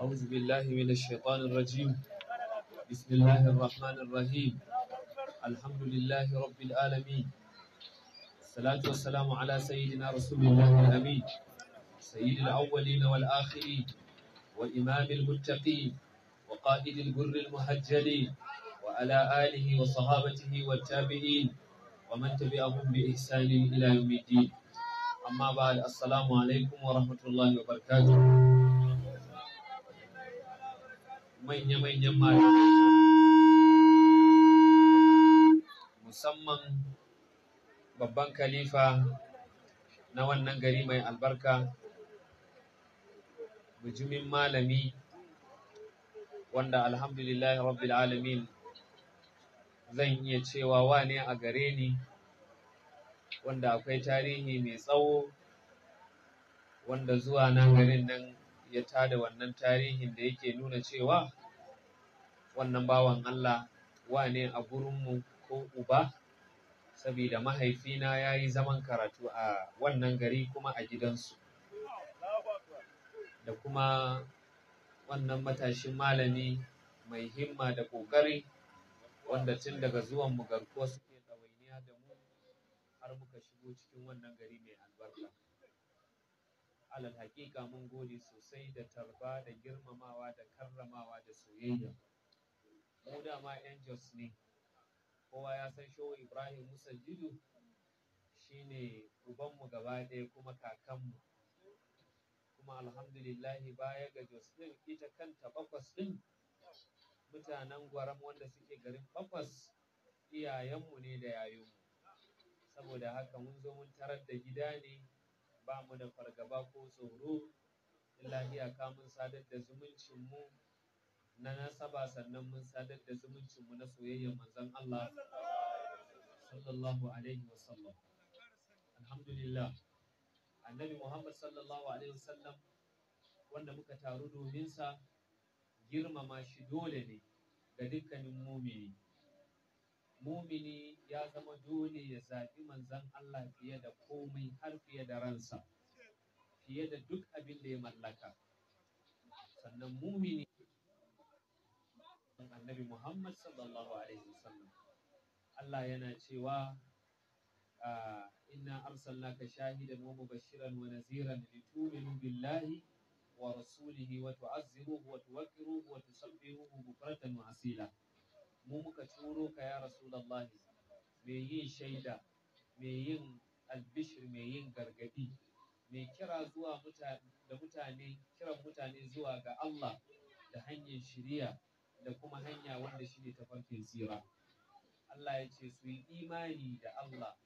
أعوذ بالله من الشيطان الرجيم بسم الله الرحمن الرحيم الحمد لله رب العالمين الصلاة والسلام على سيدنا رسول الله الأمين سيد الأولين والآخرين وإمام المتقين وقائد البر المهجلين وعلى آله وصحابته والتابعين ومن تبعهم بإحسان إلى يوم الدين أما بعد السلام عليكم ورحمة الله وبركاته manya-manyan malamai musamman babban khalifa na wannan gari mai albarka bujumin malami wanda alhamdulillah rabbil alamin zan iya cewa wane a gare ni wanda akwai tarihi mai tsawo wanda zuwa nan garin nan ya tada wannan tarihin da yake nuna cewa wannan bawan Allah ne a gurinmu ko uba saboda mahaifina ya yi zaman karatu a wannan gari kuma a gidansu da kuma wannan matashin malami mai himma da ƙoƙari wanda tun daga zuwan mu garkuwa suke ɗawainiya da mu har muka shigo cikin wannan gari mai alal haƙiƙa mun gode sosai da tarba da girmamawa da karramawa da soyayya mu dama yan jos ne kowa ya san shehu ibrahim musa jidu shine ubanmu gaba ɗaya kuma kakanmu kuma alhamdulillahi baya ga jos ɗin ita kanta bakwas ɗin mutanen gwaram wanda suke garin bakwas iyayenmu ne da yayinmu saboda haka mun zo mun tarar da gida ne ba mu da fargaba ko tsoro illa iyaka mun sadar da zumuncin mu na nasaba sannan mun sadar da zumuncin mu na soyayyar manzon Allah sallallahu alaihi wasallam alhamdulillah annabi Muhammad sallallahu alaihi wasallam wanda muka taru domin sa girmama shi dole ne ga dukkanin mumini mumini ya zama dole ya zaɓi manzan Allah fiye da komai har fiye da ransa fiye da duk abin da ya mallaka sannan mumini annabi Muhammad sallallahu alaihi wasallam Allah yana cewa ah, inna arsalnaka shahidan wa mubashiran wa naziran litu'minu billahi wa rasulihi wa tu'azziruhu wa tuwaqqiruhu wa tusabbihuhu bukratan wa asila mu muka turo ka ya rasulullahi mai yin shaida mai yin albishir mai yin gargadi mai kira zuwa da mutane kiran mutane zuwa ga Allah da hanyar shiriya da kuma hanya wanda shi ne tafarkin tsira Allah ya ce su yi imani da Allah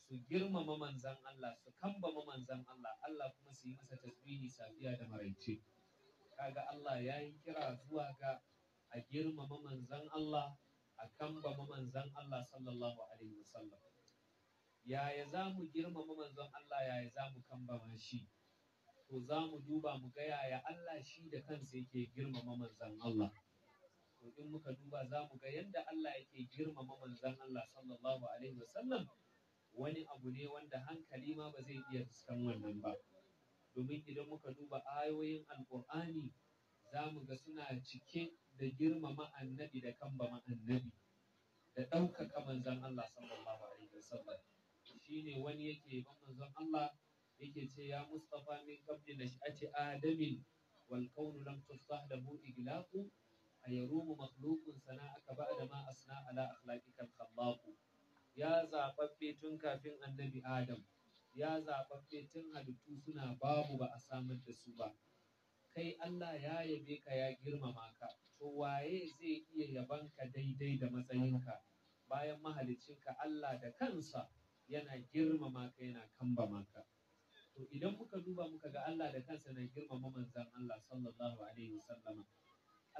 su girmama manzan Allah su kambama manzan Allah Allah kuma su yi masa tasbihi safiya da maraice kaga Allah ya yi kira zuwa ga a girmama manzan Allah a kambama manzan Allah sallallahu alaihi wasallam yaya za mu girmama manzan Allah yaya za mu kambama shi to za mu duba mu ga yaya Allah shi da kansa yake girmama manzan Allah to in muka duba za mu ga yadda Allah yake girmama manzan Allah sallallahu alaihi wasallam wani abu ne wanda hankali ma ba zai iya fuskan wannan ba domin idan muka duba ayoyin alkur'ani za mu ga suna cike da girmama annabi da kambama annabi da ɗaukaka manzon Allah sallallahu alaihi wasallam shine wani yake ban manzon Allah yake ce ya Mustafa min qabli nash'ati adamin wal kaunu lam tustahdabu iglaqu ayarumu makhluqun sana'aka ba'da ma asna ala akhlaqikal khallaqu ya zababbe tun kafin annabi Adam ya zababbe tun halittu suna babu ba a samar da su ba kai Allah ya yabe ka ya girmama ka to waye zai iya ka daidai da matsayinka bayan ka? Allah da kansa yana girmama ka yana kambama ka to idan muka duba muka ga Allah da kansa na girmama manzan Allah sallallahu alaihi wasallama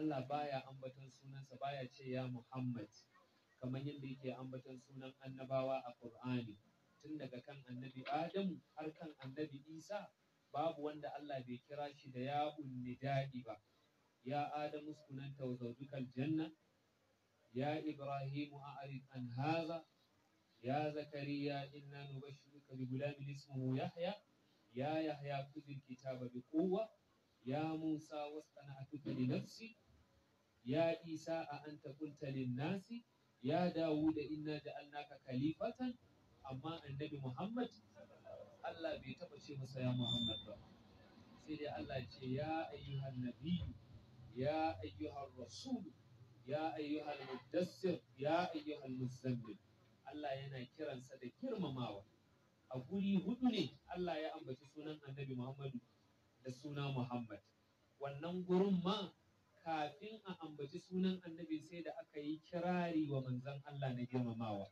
Allah baya ambaton sunansa baya ce ya Muhammad kamar yadda yake ambaton sunan annabawa a Qur'ani tun daga kan annabi Adamu, har kan annabi Isa babu wanda Allah bai kira shi da ya daɗi ba ya adamu sunan tawzawdukal janna ya ibrahimu a'rid an haza. ya zakariya inna nubashshiruka bi gulamin ismuhu yahya ya yahya khudh kitaba bi kowa. ya musa wastana'tuka li nafsi ya isa a an qulta lin nasi ya dawuda inna ja'alnaka khalifatan amma annabi muhammad Allah bai taba ce masa ya Muhammad ba sai dai Allah ce ya ayyuhan nabi ya ayyuhan rasul ya ayyuhan muddassir ya ayyuhan muzammil Allah yana kiransa da girmamawa a guri hudu ne Allah ya ambaci sunan annabi Muhammadu da suna Muhammad wannan gurin ma kafin a ambaci sunan annabi sai da aka yi kirari wa manzon Allah na girmamawa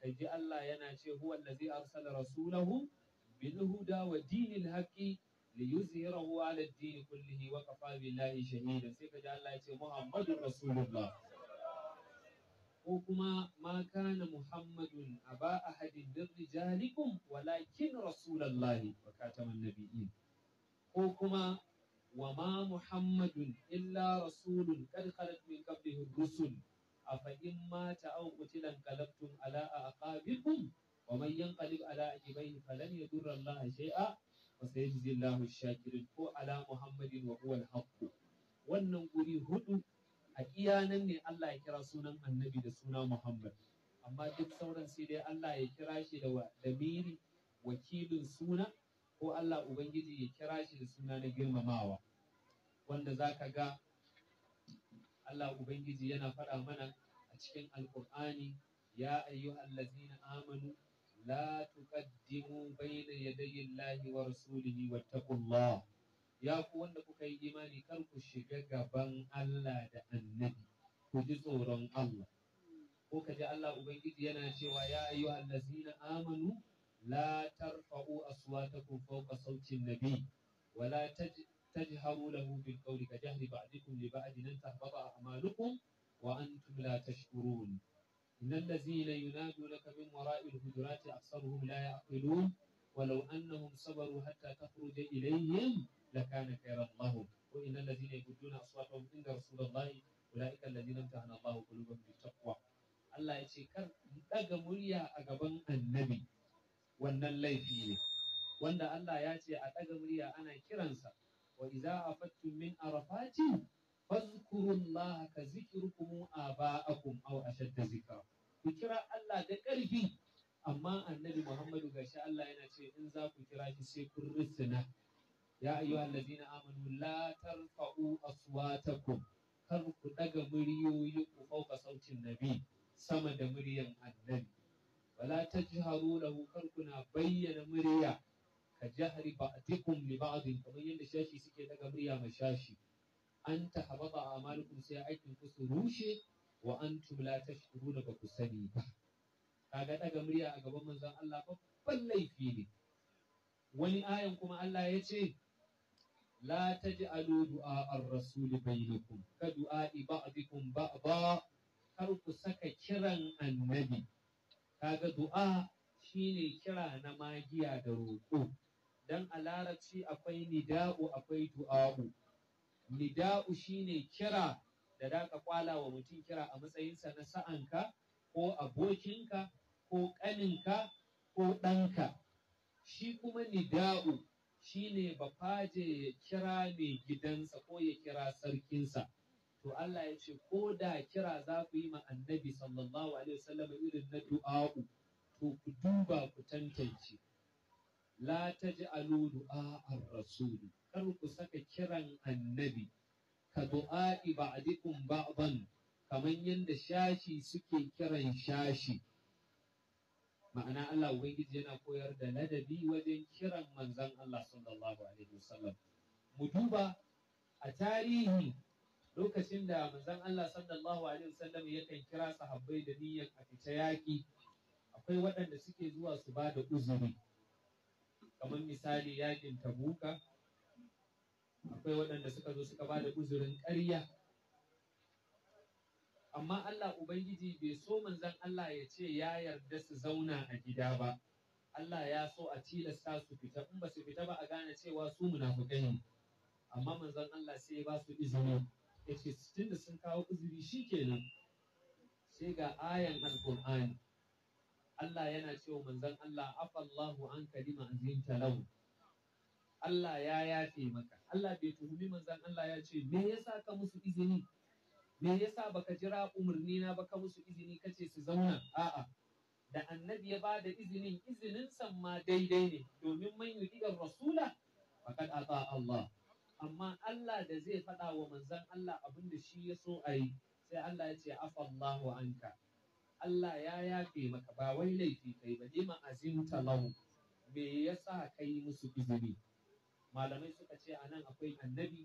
kaji Allah yana ce huwa allazi arsala rasulahu bil huda wa dinil haqqi li yuzhirahu ala ad-din kullihi wa shahida sai kaji Allah ya ce Muhammadur Rasulullah ko kuma ma kana Muhammadun aba ahadin min rijalikum walakin Rasulullahi wa kataman nabiyyin ko kuma wa ma Muhammadun illa rasulun qad khalat min qablihi ar-rusul afa in mata aw qutilan qalabtum ala aqabikum wa man yanqalib ala aqibayhi falan yadurra Allah shay'a wa sayajzi Allahu shakirin ko ala Muhammadin wa wannan guri hudu a iya nan ne Allah ya kira sunan annabi da suna Muhammad amma duk sauran sai dai Allah ya kira shi da damiri wakilin suna ko Allah Ubangiji ya kira shi da suna na girmamawa wanda za ka ga Allah Ubangiji yana faɗa mana a cikin Alƙur'ani ya ayyuhallazina amanu la tuqaddimu bayna yadayi Allahi wa rasulihi ya ku wanda kuka yi imani kar ku shiga gaban Allah da annabi ku ji tsoron Allah ko ka ji Allah ubangiji yana cewa ya ayyuhal ladzina amanu la tarfa'u ta fawqa sawti an-nabi wa la tajharu lahu bil qawli ka jahri ba'dikum li ba'din an tahbata a'malukum wa antum la tashkurun إن الذين ينادوا لك من وراء الهجرات أكثرهم لا يعقلون ولو أنهم صبروا حتى تخرج إليهم لكان خيرا لهم وإن الذين يبدون أصواتهم عند رسول الله أولئك الذين امتحن الله قلوبهم بالتقوى Allah ya ce kar daga murya a gaban annabi wannan laifi ne wanda Allah ya ce a daga murya ana kiransa wa idza afattum min arafatin fazkurullaha ka zikirkum aba'akum aw ashadda zikra ku kira Allah da ƙarfi amma annabi Muhammadu gashi Allah yana ce in za ku kira shi sai kun rusuna ya ayyuhal ladina amanu la tarfa'u aswatakum kar ku daga muryoyi ku fauka sautin nabi sama da muryan annabi wala tajharu lahu kar kuna bayyana murya ka jahri ba'dikum li ba'din kamar yadda shashi suke daga murya ma shashi an ta a amalukum sai aikin ku su rushe wa antum la tashkuruna ba ku sani ba kaga daga murya a gaban manzon Allah babban laifi ne wani ayan kuma Allah ya ce La لا تجعلوا دعاء الرسول بينكم كدعاء بعضكم ba, kar ku saka kiran annabi kaga du'a shine kira na magiya da roƙo dan a larabci akwai nida'u akwai du'a'u nida'u shine kira da daka kwala wa mutum kira a matsayinsa na sa'anka ko abokinka ko ƙaninka ko ɗanka shi kuma nida'u shine bafaje ya kira mai gidansa ko ya kira sarkinsa to Allah ya ce ko da kira za ku yi ma annabi sallallahu alaihi wasallam irin na du'a'u to ku duba ku tantance la taj'alu du'a ar-rasuli kar ku saka kiran annabi ka du'a'i ba'dikum ba'dan kaman yanda shashi suke kiran shashi ma'ana Allah ubangiji yana koyar da ladabi wajen kiran manzon Allah sallallahu alaihi wasallam mu duba a tarihi lokacin da manzon Allah sallallahu alaihi wasallam yakan kira sahabbai da niyyar a fita yaki akwai waɗanda suke zuwa su ba da uzuri kamar misali yakin tabuka akwai waɗanda suka zo suka ba da uzurin ƙarya amma Allah Ubangiji bai so manzan Allah ya ce ya yarda su zauna a gida ba Allah ya so a tilasta su fita in ba su fita ba a gane cewa su munafukai ne amma manzan Allah sai ya ba su izini ya ce da sun kawo uzuri shikenan sai ga ayan alqur'ani Allah yana cewa manzan Allah afallahu an kalima azinta lahu Allah ya yafe maka Allah bai tuhumi manzan Allah ya ce me yasa ka musu izini me yasa baka jira umarni na baka musu izini kace su zauna a'a da annabi ya bada izinin izinin san ma daidai ne domin man yudigar rasula faqad ata Allah amma Allah da zai faɗa wa manzan Allah abin da shi ya so ayi, sai Allah ya ce afallahu anka Allah ya yafe maka ba wai laifi kai ba lima azimta lahu me yasa kai musu izini malamai suka ce a nan akwai annabi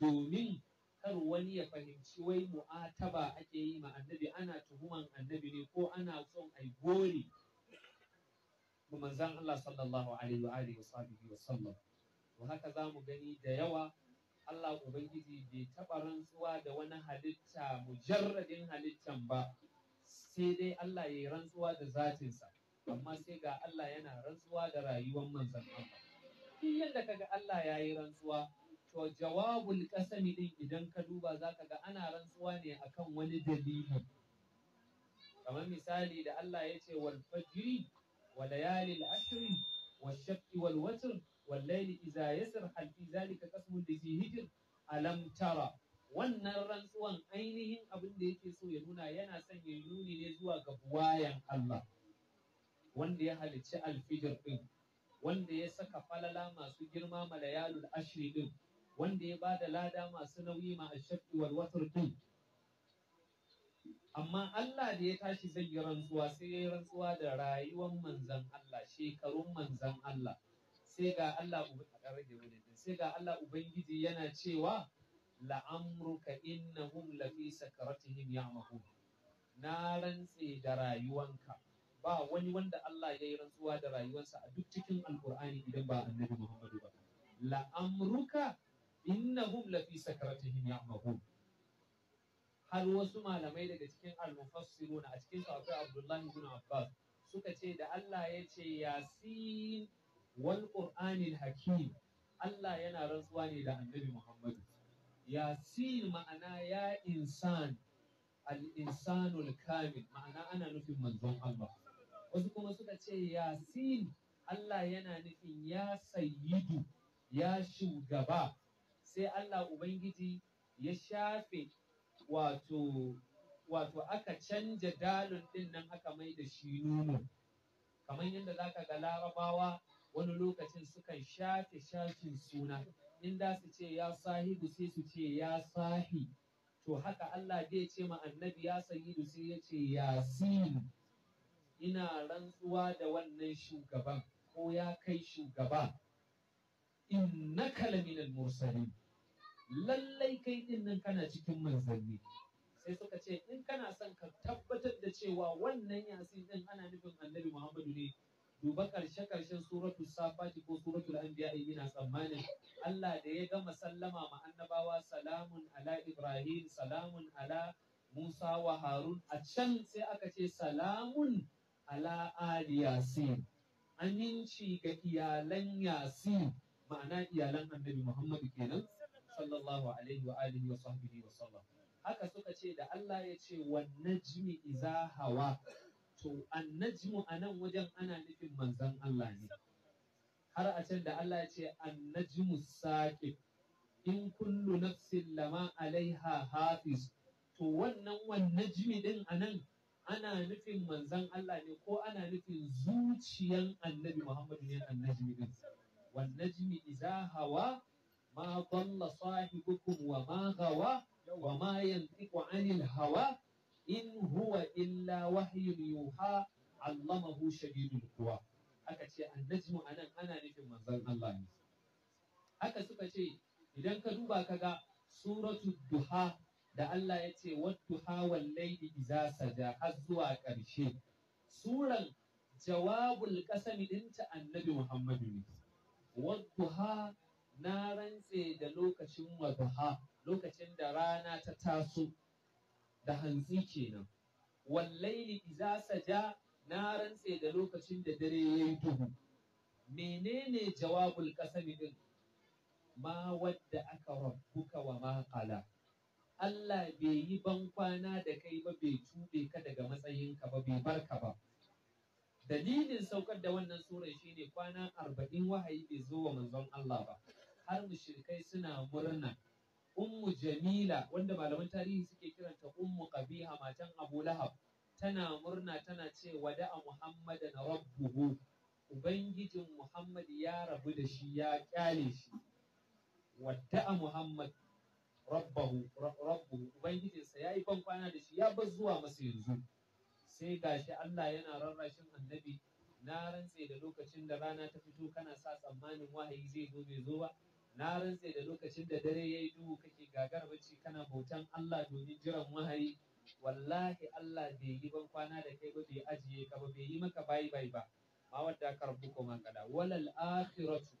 domin kar wani ya fahimci wai mu'ataba ake yi ma annabi ana tuhuman annabi ne ko ana son ai gori ga manzon Allah sallallahu alaihi wa alihi wa sallam to haka zamu gani da yawa Allah ubangiji bai taɓa rantsuwa da wani halitta mujarradin halittan ba sai dai Allah ya rantsuwa da zatinsa amma sai ga Allah yana rantsuwa da rayuwar manzon Allah duk yadda kaga Allah ya yi rantsuwa to jawabul kasami din idan ka duba za ka ga ana rantsuwa ne akan wani dalili kamar misali da Allah ya ce wal fajri wa layalil ashri wal shaqqi wal watr wal layli idza yasr hal fi zalika qasmun li hijr alam tara wannan rantsuwan ainihin abin da yake so ya nuna yana son ya nuni ne zuwa ga buwayan Allah wanda ya halicci alfijir din wanda ya saka falala masu girma malayalul ashri din wanda ya ba da lada masu nauyi ma ashaqqi wal din amma Allah da ya tashi zai yi rantsuwa sai ya yi rantsuwa da rayuwar manzan Allah shekarun manzan Allah sai ga Allah sai ga Allah ubangiji yana cewa la'amruka innahum lafi sakaratihim ya'mahun na rantse da rayuwanka ba wani wanda Allah ya yi rantsuwa da rayuwarsa a duk cikin alkur'ani idan ba annabi Muhammadu ba la'amruka innahum lafi sakaratihim ya'mahun har wasu malamai daga cikin al-mufassiruna a cikin akwai Abdullahi ibn Abbas suka ce da Allah ya ce yasin wal qur'anil hakim Allah yana rantsuwa ne da annabi Muhammadu yasin ma'ana ya insan al-insanul kamil ma'ana ana nufin manzon Allah wasu kuma suka ce yasin Allah yana nufin ya sayyidu ya shugaba sai Allah Ubangiji ya shafe wato wato aka canja dalon din nan aka mai da shi nono kamar yadda za ka ga larabawa wani lokacin sukan shafe shafin suna in da su ce ya sahibu sai su ce ya sahi to haka Allah zai ce ma annabi ya sayidu sai ya ce yasin ina rantsuwa da wannan shugaban ko ya kai shugaba in na kalamin mursalin lallai kai din nan kana cikin manzanni sai suka ce in kana son ka tabbatar da cewa wannan yasin din ana nufin annabi Muhammadu ne duba karshe karshen suratul safati ko suratul anbiya ina tsammanin Allah da ya gama sallama ma annabawa salamun ala ibrahim salamun ala musa wa harun a can sai aka ce salamun ala ali yasin aminci ga iyalan yasin ma'ana iyalan annabi muhammadu kenan sallallahu alaihi wa alihi wa sahbihi wa sallam haka suka ce da Allah ya ce wan najmi iza hawa to an najmu a wajen ana nufin manzan Allah ne har a can da Allah ya ce an najmu saqib in kullu nafsin lama alaiha hafiz to wannan wan najmi din anan ana nufin manzan Allah ne ko ana nufin zuciyan annabi Muhammadu ne annabi ne wan najmi idza hawa ma dalla sahibukum wa ma gawa wa ma yantiqu anil hawa in huwa illa wahyun yuha allamahu shadidul quwa aka ce annajmu anan ana nufin manzan Allah ne haka suka ce idan ka duba kaga suratul duha da Allah ya ce wattu hawan laili iza saja har zuwa ƙarshe suran jawabul ƙasami ɗinta annabi Muhammadu ne wattu ha na rantse da lokacin ha lokacin da rana ta taso da hantsi kenan wallaili iza saja na rantse da lokacin da dare ya yi duhu menene jawabul ƙasami ɗin ma wadda aka rabbuka wa ma qala Allah bai yi ban kwana da kai ba bai tube ka daga matsayinka ba bai barka ba dalilin saukar da wannan sura ne kwana arba'in wahayi bai zo wa manzon Allah ba har mushrikai suna murna ummu jamila wanda malaman tarihi suke kiranta ummu qabiha matan abu lahab tana murna tana ce wada'a muhammadan rabbuhu ubangijin muhammad ya rabu da shi ya kyale shi wada'a muhammad rabbahu rabbu ubangijinsa yayi ban kwana da shi ya bar zuwa masa yanzu sai gashi Allah yana rarrashin annabi na rantse da lokacin da rana ta fito kana sa tsammanin wahayi zai zo bai zo ba na rantse da lokacin da dare yayi duhu kake gagar bacci kana bautan Allah domin jiran wahayi wallahi Allah bai yi ban kwana da kai ba bai ajiye ka ba bai yi maka bayi bayi ba ma wadda karbu ko man kada walal akhiratu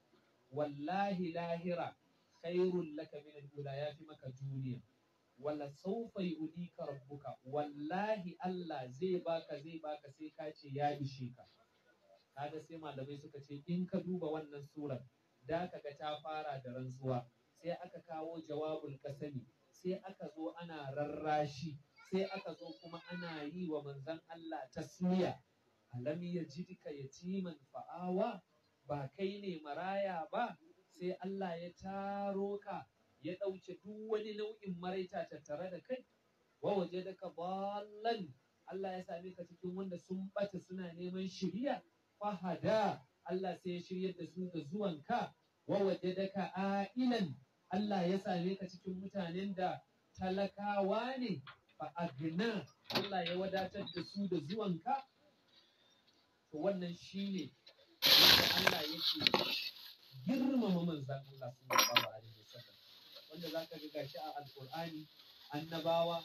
wallahi lahira khairun laka min al ya yafi maka duniya wala sawfa yudika rabbuka wallahi Allah zai baka zai baka sai ka ce ya ishe ka kaga sai malamai suka ce in ka duba wannan surar da kaga ta fara da rantsuwa sai aka kawo jawabul kasani sai aka zo ana rarrashi sai aka zo kuma ana yi wa manzon Allah tasmiya alam yajidka yatiman fa'awa ba kai ne maraya ba sai Allah ya taro ka ya ɗauke duk wani nau'in maraita tattare da kai wa waje daga ballan Allah ya same ka cikin wanda sun bata suna neman shirya fahada Allah sai ya shiryar da su ga zuwanka wa waje daga ailan Allah ya same ka cikin mutanen da talakawa ne fa agna Allah ya wadatar da su da zuwanka to wannan shine wanda Allah yake girmama manzan Allah ba alaihi wasallam wanda ka ga gashi a alqur'ani annabawa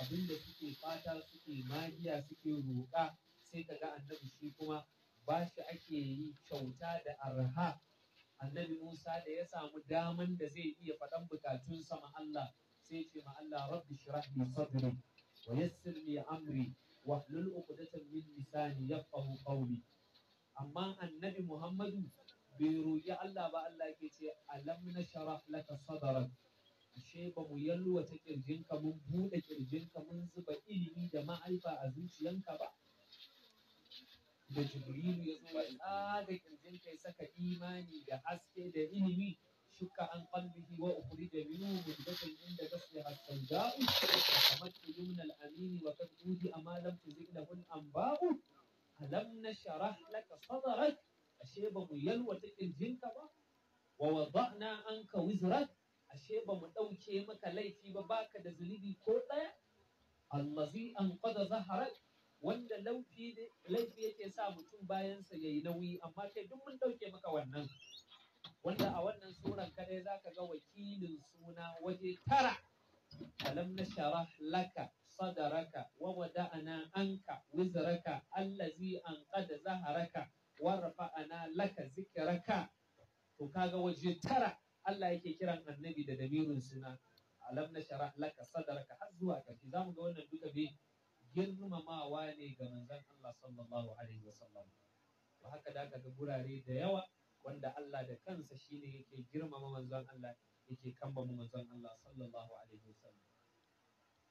abinda suke fata suke magiya suke roƙa sai ka ga annabi shi kuma ba shi ake yi kyauta da arha annabi Musa da ya samu daman da zai iya faɗan bukatunsa ma Allah sai ce ma Allah rabbi shrah li sadri wa yassir li amri wa hlul uqdatan min lisani yafqahu qawli amma annabi Muhammadu bai roƙi Allah ba Allah ke ce alam na shara laka sadarar ashe ba mu yalluwa ta ƙirjinka mun buɗe ƙirjinka mun zuba ilimi da ma'aifa a zuciyanka ba da jibrilu ya zuwa ina da ƙirjinka ya saka imani da haske da ilimi shuka an kalbihi wa ukuri da minu mun dafin inda gasu ya hasken ga'u kamar ilimin amini wa kan buɗe amalan fizik da kun an ba'u alam na shara laka sadarar ashe ba mu yalwata ƙirjinka ba wa wada'na anka wizrak ashe ba mu ɗauke maka laifi ba baka da zunubi ko ɗaya allazi anqada zaharak wanda laufi laifi yake sa mutum bayansa ya yi nauyi amma kai duk mun ɗauke maka wannan wanda a wannan suran kaɗai za ka ga wakilin suna waje tara alam na laka sadaraka wa wada'ana anka wizraka allazi anqada zaharaka warfa'ana laka zikraka to kaga waje tara Allah yake kiran annabi da damirin suna alam na shara laka sadaraka har zuwa ƙarshe za mu ga wannan duka bi girmamawa ne ga manzon Allah sallallahu alaihi sallam. to haka da ga gurare da yawa wanda Allah da kansa shine yake girmama manzon Allah yake kambama manzon Allah sallallahu alaihi sallam.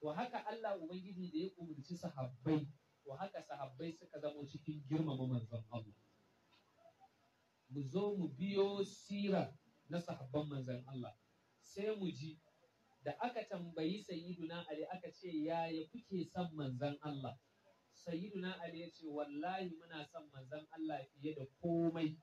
to haka Allah ubangiji da ya umurci sahabbai to haka sahabbai suka zamo cikin girmama manzon Allah mu zo mu biyo sira na sahabban manzan Allah sai mu ji da aka tambayi sayyiduna Ali aka ce yaya kuke son manzan Allah sayyiduna Ali ya ce wallahi muna son manzan Allah fiye da komai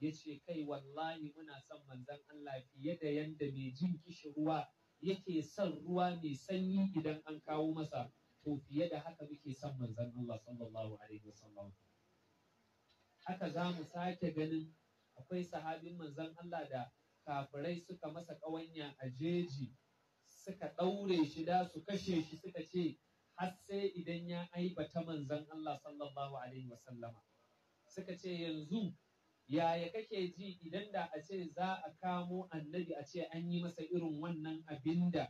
ya ce kai wallahi muna son manzan Allah fiye da yanda mai jin kishi ruwa yake son ruwa mai sanyi idan an kawo masa to fiye da haka muke son manzan Allah sallallahu alaihi wasallam haka za mu sake ganin akwai sahabin manzon Allah da kafirai suka masa ƙawanya a jeji suka ɗaure shi da su kashe shi suka ce har sai idan ya aibata manzon Allah sallallahu alaihi wa sallama suka ce yanzu yaya kake ji idan da a ce za a kamo annabi a ce an yi masa irin wannan abin da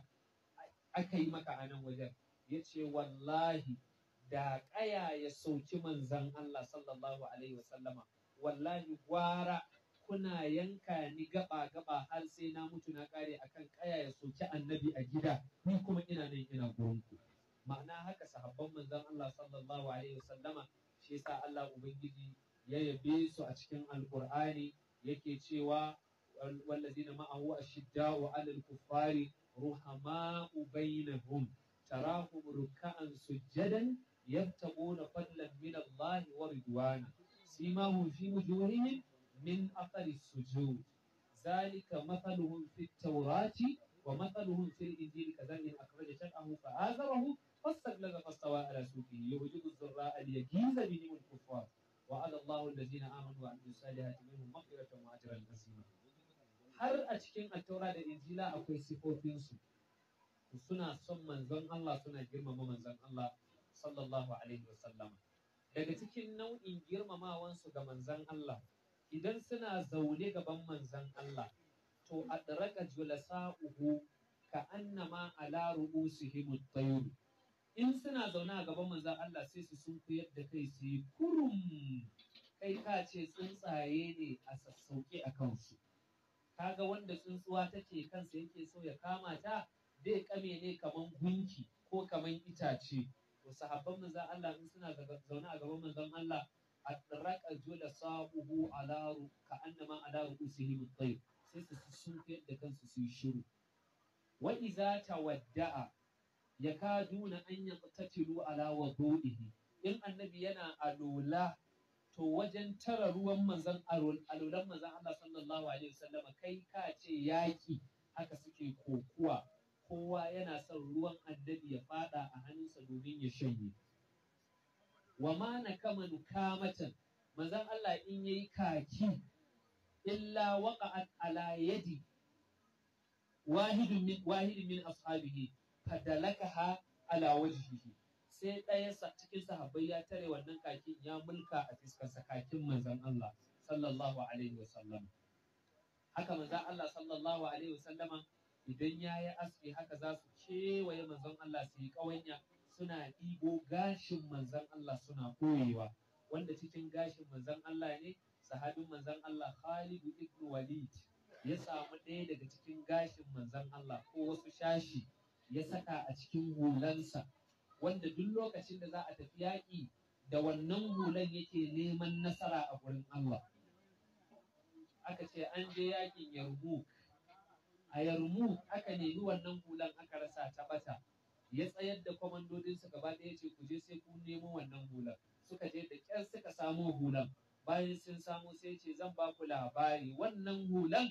aka yi maka a nan wajen ya ce wallahi da ƙaya ya sauki manzan Allah sallallahu alaihi wasallama wallahi gwara kuna yanka ni gaba gaba har sai na mutu na kare akan kaya ya soki annabi a gida ni kuma ina nan ina gurinku ma'ana haka sahabban manzon Allah sallallahu alaihi wasallama shi yasa Allah ubangiji ya yabe su a cikin alqur'ani yake cewa wallazina ma'ahu ashidda'u 'alal kuffari ruhama'u bainahum tarahum ruk'an sujadan yabtaguna fadlan min Allah wa ridwana simahum fi wujuhihim min athari sujud zalika mathaluhum fit tawrati wa mathaluhum fil injil kadhalika akhraja shar'ahu fa azarahu فاستغلظ فاستوى على سوقه يعجب الزراء ليجيز بهم الكفار وعلى الله الذين امنوا وعملوا الصالحات منهم مغفرة واجرا عظيما har a cikin attaura da injila akwai sifofinsu suna son manzon Allah suna girmama manzon Allah sallallahu alaihi wasallama daga cikin nau'in girmamawansu ga manzon Allah idan suna zaune gaban manzan Allah to a adraka uku ka annama ala ru'usihim himun tayr in suna zaune a gaban manzan Allah sai su sunkuyar da kai su yi kurum kai ka ce tsuntsaye ne a sassauke a kansu kaga wanda tsuntsuwa take kansa yake so ya kama ta zai kame ne kaman gunki ko kaman itace to sahabban manzan Allah in suna zaune a gaban manzan Allah adraka julasa'uhu ala ka'annama ala ru'usihim at-tayr sai su sunkuyar da kansu su yi shiru wa idza tawadda'a yakaduna an yaqtatilu ala wudu'ihi in annabi yana alola to wajen tara ruwan manzon alolan manzon Allah sallallahu alaihi wasallam kai ka ce yaki haka suke kokuwa kowa yana son ruwan annabi ya fada a hannunsa domin ya shanye wa ma na kama nukamatan manzan Allah in yayi kaki illa waqa'at ala yadi wahidin min wahidun min ashabihi ha ala wajhihi sai ɗaya cikin sahabbai ya tare wannan kakin ya mulka a fiskarsa kakin manzan Allah sallallahu alaihi wasallam haka manzan Allah sallallahu alaihi wasallama idan ya yi aski haka za su kewaye manzan Allah su yi ƙawanya suna ɗibo gashin manzan Allah suna koyewa wanda cikin gashin manzan Allah ne sahabin manzan Allah Khalid ibn Walid ya samu ɗaya daga cikin gashin manzan Allah ko wasu shashi ya saka a cikin hulansa wanda duk lokacin da za a tafi yaƙi da wannan hulan yake neman nasara a gurin Allah aka ce an je yaƙin Yarmouk a Yarmouk aka nemi wannan hulan aka rasa ta bata ya tsayar da kwamandodinsa gaba ɗaya ce ku je sai ku nemo wannan hulan. suka je da ƙyar suka samo hulan. bayan sun samo sai ce zan ba ku labari wannan hulan?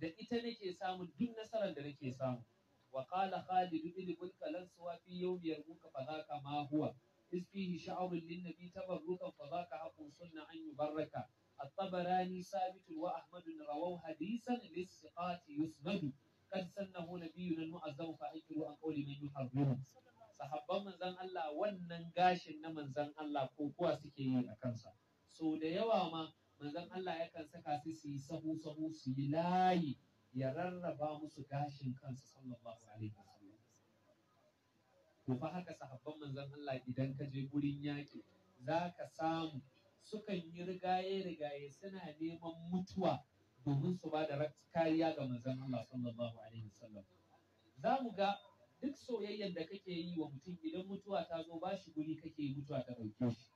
da ita nake samu duk nasarar da nake samu wa qala khalid ibn bulkalan suwa fi yawmi yarmuka fa zaka ma huwa iz fihi lin nabi tabarrukan fa zaka haqqun sunna an yubarraka at-tabarani sabitun wa ahmad rawahu hadisan lis-siqati yusnadu kad sannahu nabiyyun mu'azzam fa aqilu an qawli man yuhazziru sahabban manzon Allah wannan gashin na manzon Allah ko kuwa suke yi a kansa so da yawa ma manzon Allah yakan saka su su yi sahu sahu su yi layi ya rarraba musu gashin kansa sallallahu alaihi wasallam to fa haka sahabban manzon Allah idan ka je gurin yaki zaka samu sukan yi rigaye rigaye suna neman mutuwa domin mhm. su ba da kariya ga manzon Allah sallallahu alaihi wasallam za mu ga duk soyayyar da kake yi wa mutum idan mutuwa ta zo ba shi guri kake yi mutuwa ta ɗauke shi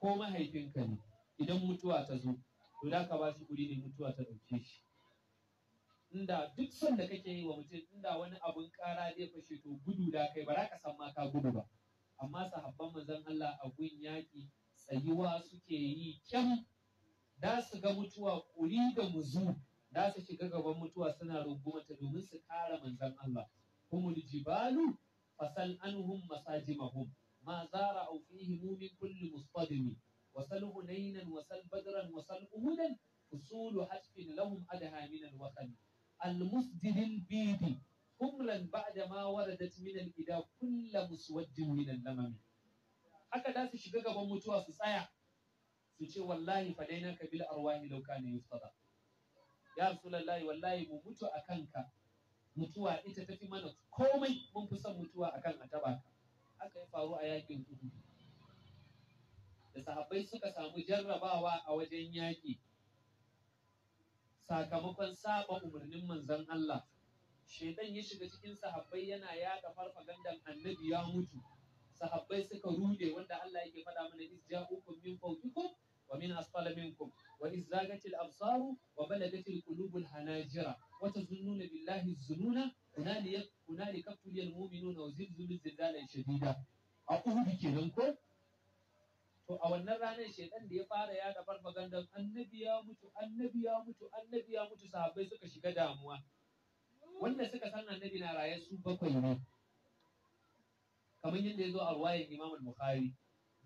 ko mahaifinka ne idan mutuwa ta zo to da ka ba shi guri ne mutuwa ta ɗauke shi inda duk son da kake yi wa mutum inda wani abun kara zai fashe to gudu da kai ba za ka san ma ka gudu ba amma sahabban manzon Allah a gun yaƙi tsayuwa suke yi kyan da su ga mutuwa ƙuri da muzu da su shiga gaban mutuwa suna rungumata domin su kara manzan Allah humul jibalu fasal anhum masajimahum ma zara au fihi min kulli mustadimi wasal hunainan wasal badran wasal uhudan usulu hasfin lahum adha min al-wakali المسجد البيدي Humran ba'da ma waradat min al-ida kullu muswaddin min al-lamam haka da su shiga gaban mutuwa su tsaya su ce wallahi fadaina ka bil arwahi law kana yuftada ya rasulullahi wallahi mu mutu a kanka. mutuwa ita tafi mana komai mun fi son mutuwa akan a taba ka haka ya faru a yakin kudu. da sahabbai suka samu jarrabawa a wajen yaƙi. sakamakon saba umarnin manzon Allah shaidan ya shiga cikin sahabbai yana yaɗa farfagandan annabi ya mutu sahabbai suka ruɗe wanda Allah yake faɗa mana isja'ukum min fawqikum wa min منكم وإذ wa izzagatil absaru wa الهناجرة وتظنون hanajira wa هنالك billahi zununa hunalika hunalika tuliyal mu'minuna wa zilzilu a to a wannan ranar shedan da ya fara yada farfagandan annabi ya mutu annabi ya mutu annabi ya mutu sahabbai suka shiga damuwa wanda suka san annabi na raye su bakwai ne kamar yadda ya zo a ruwayan imam al-bukhari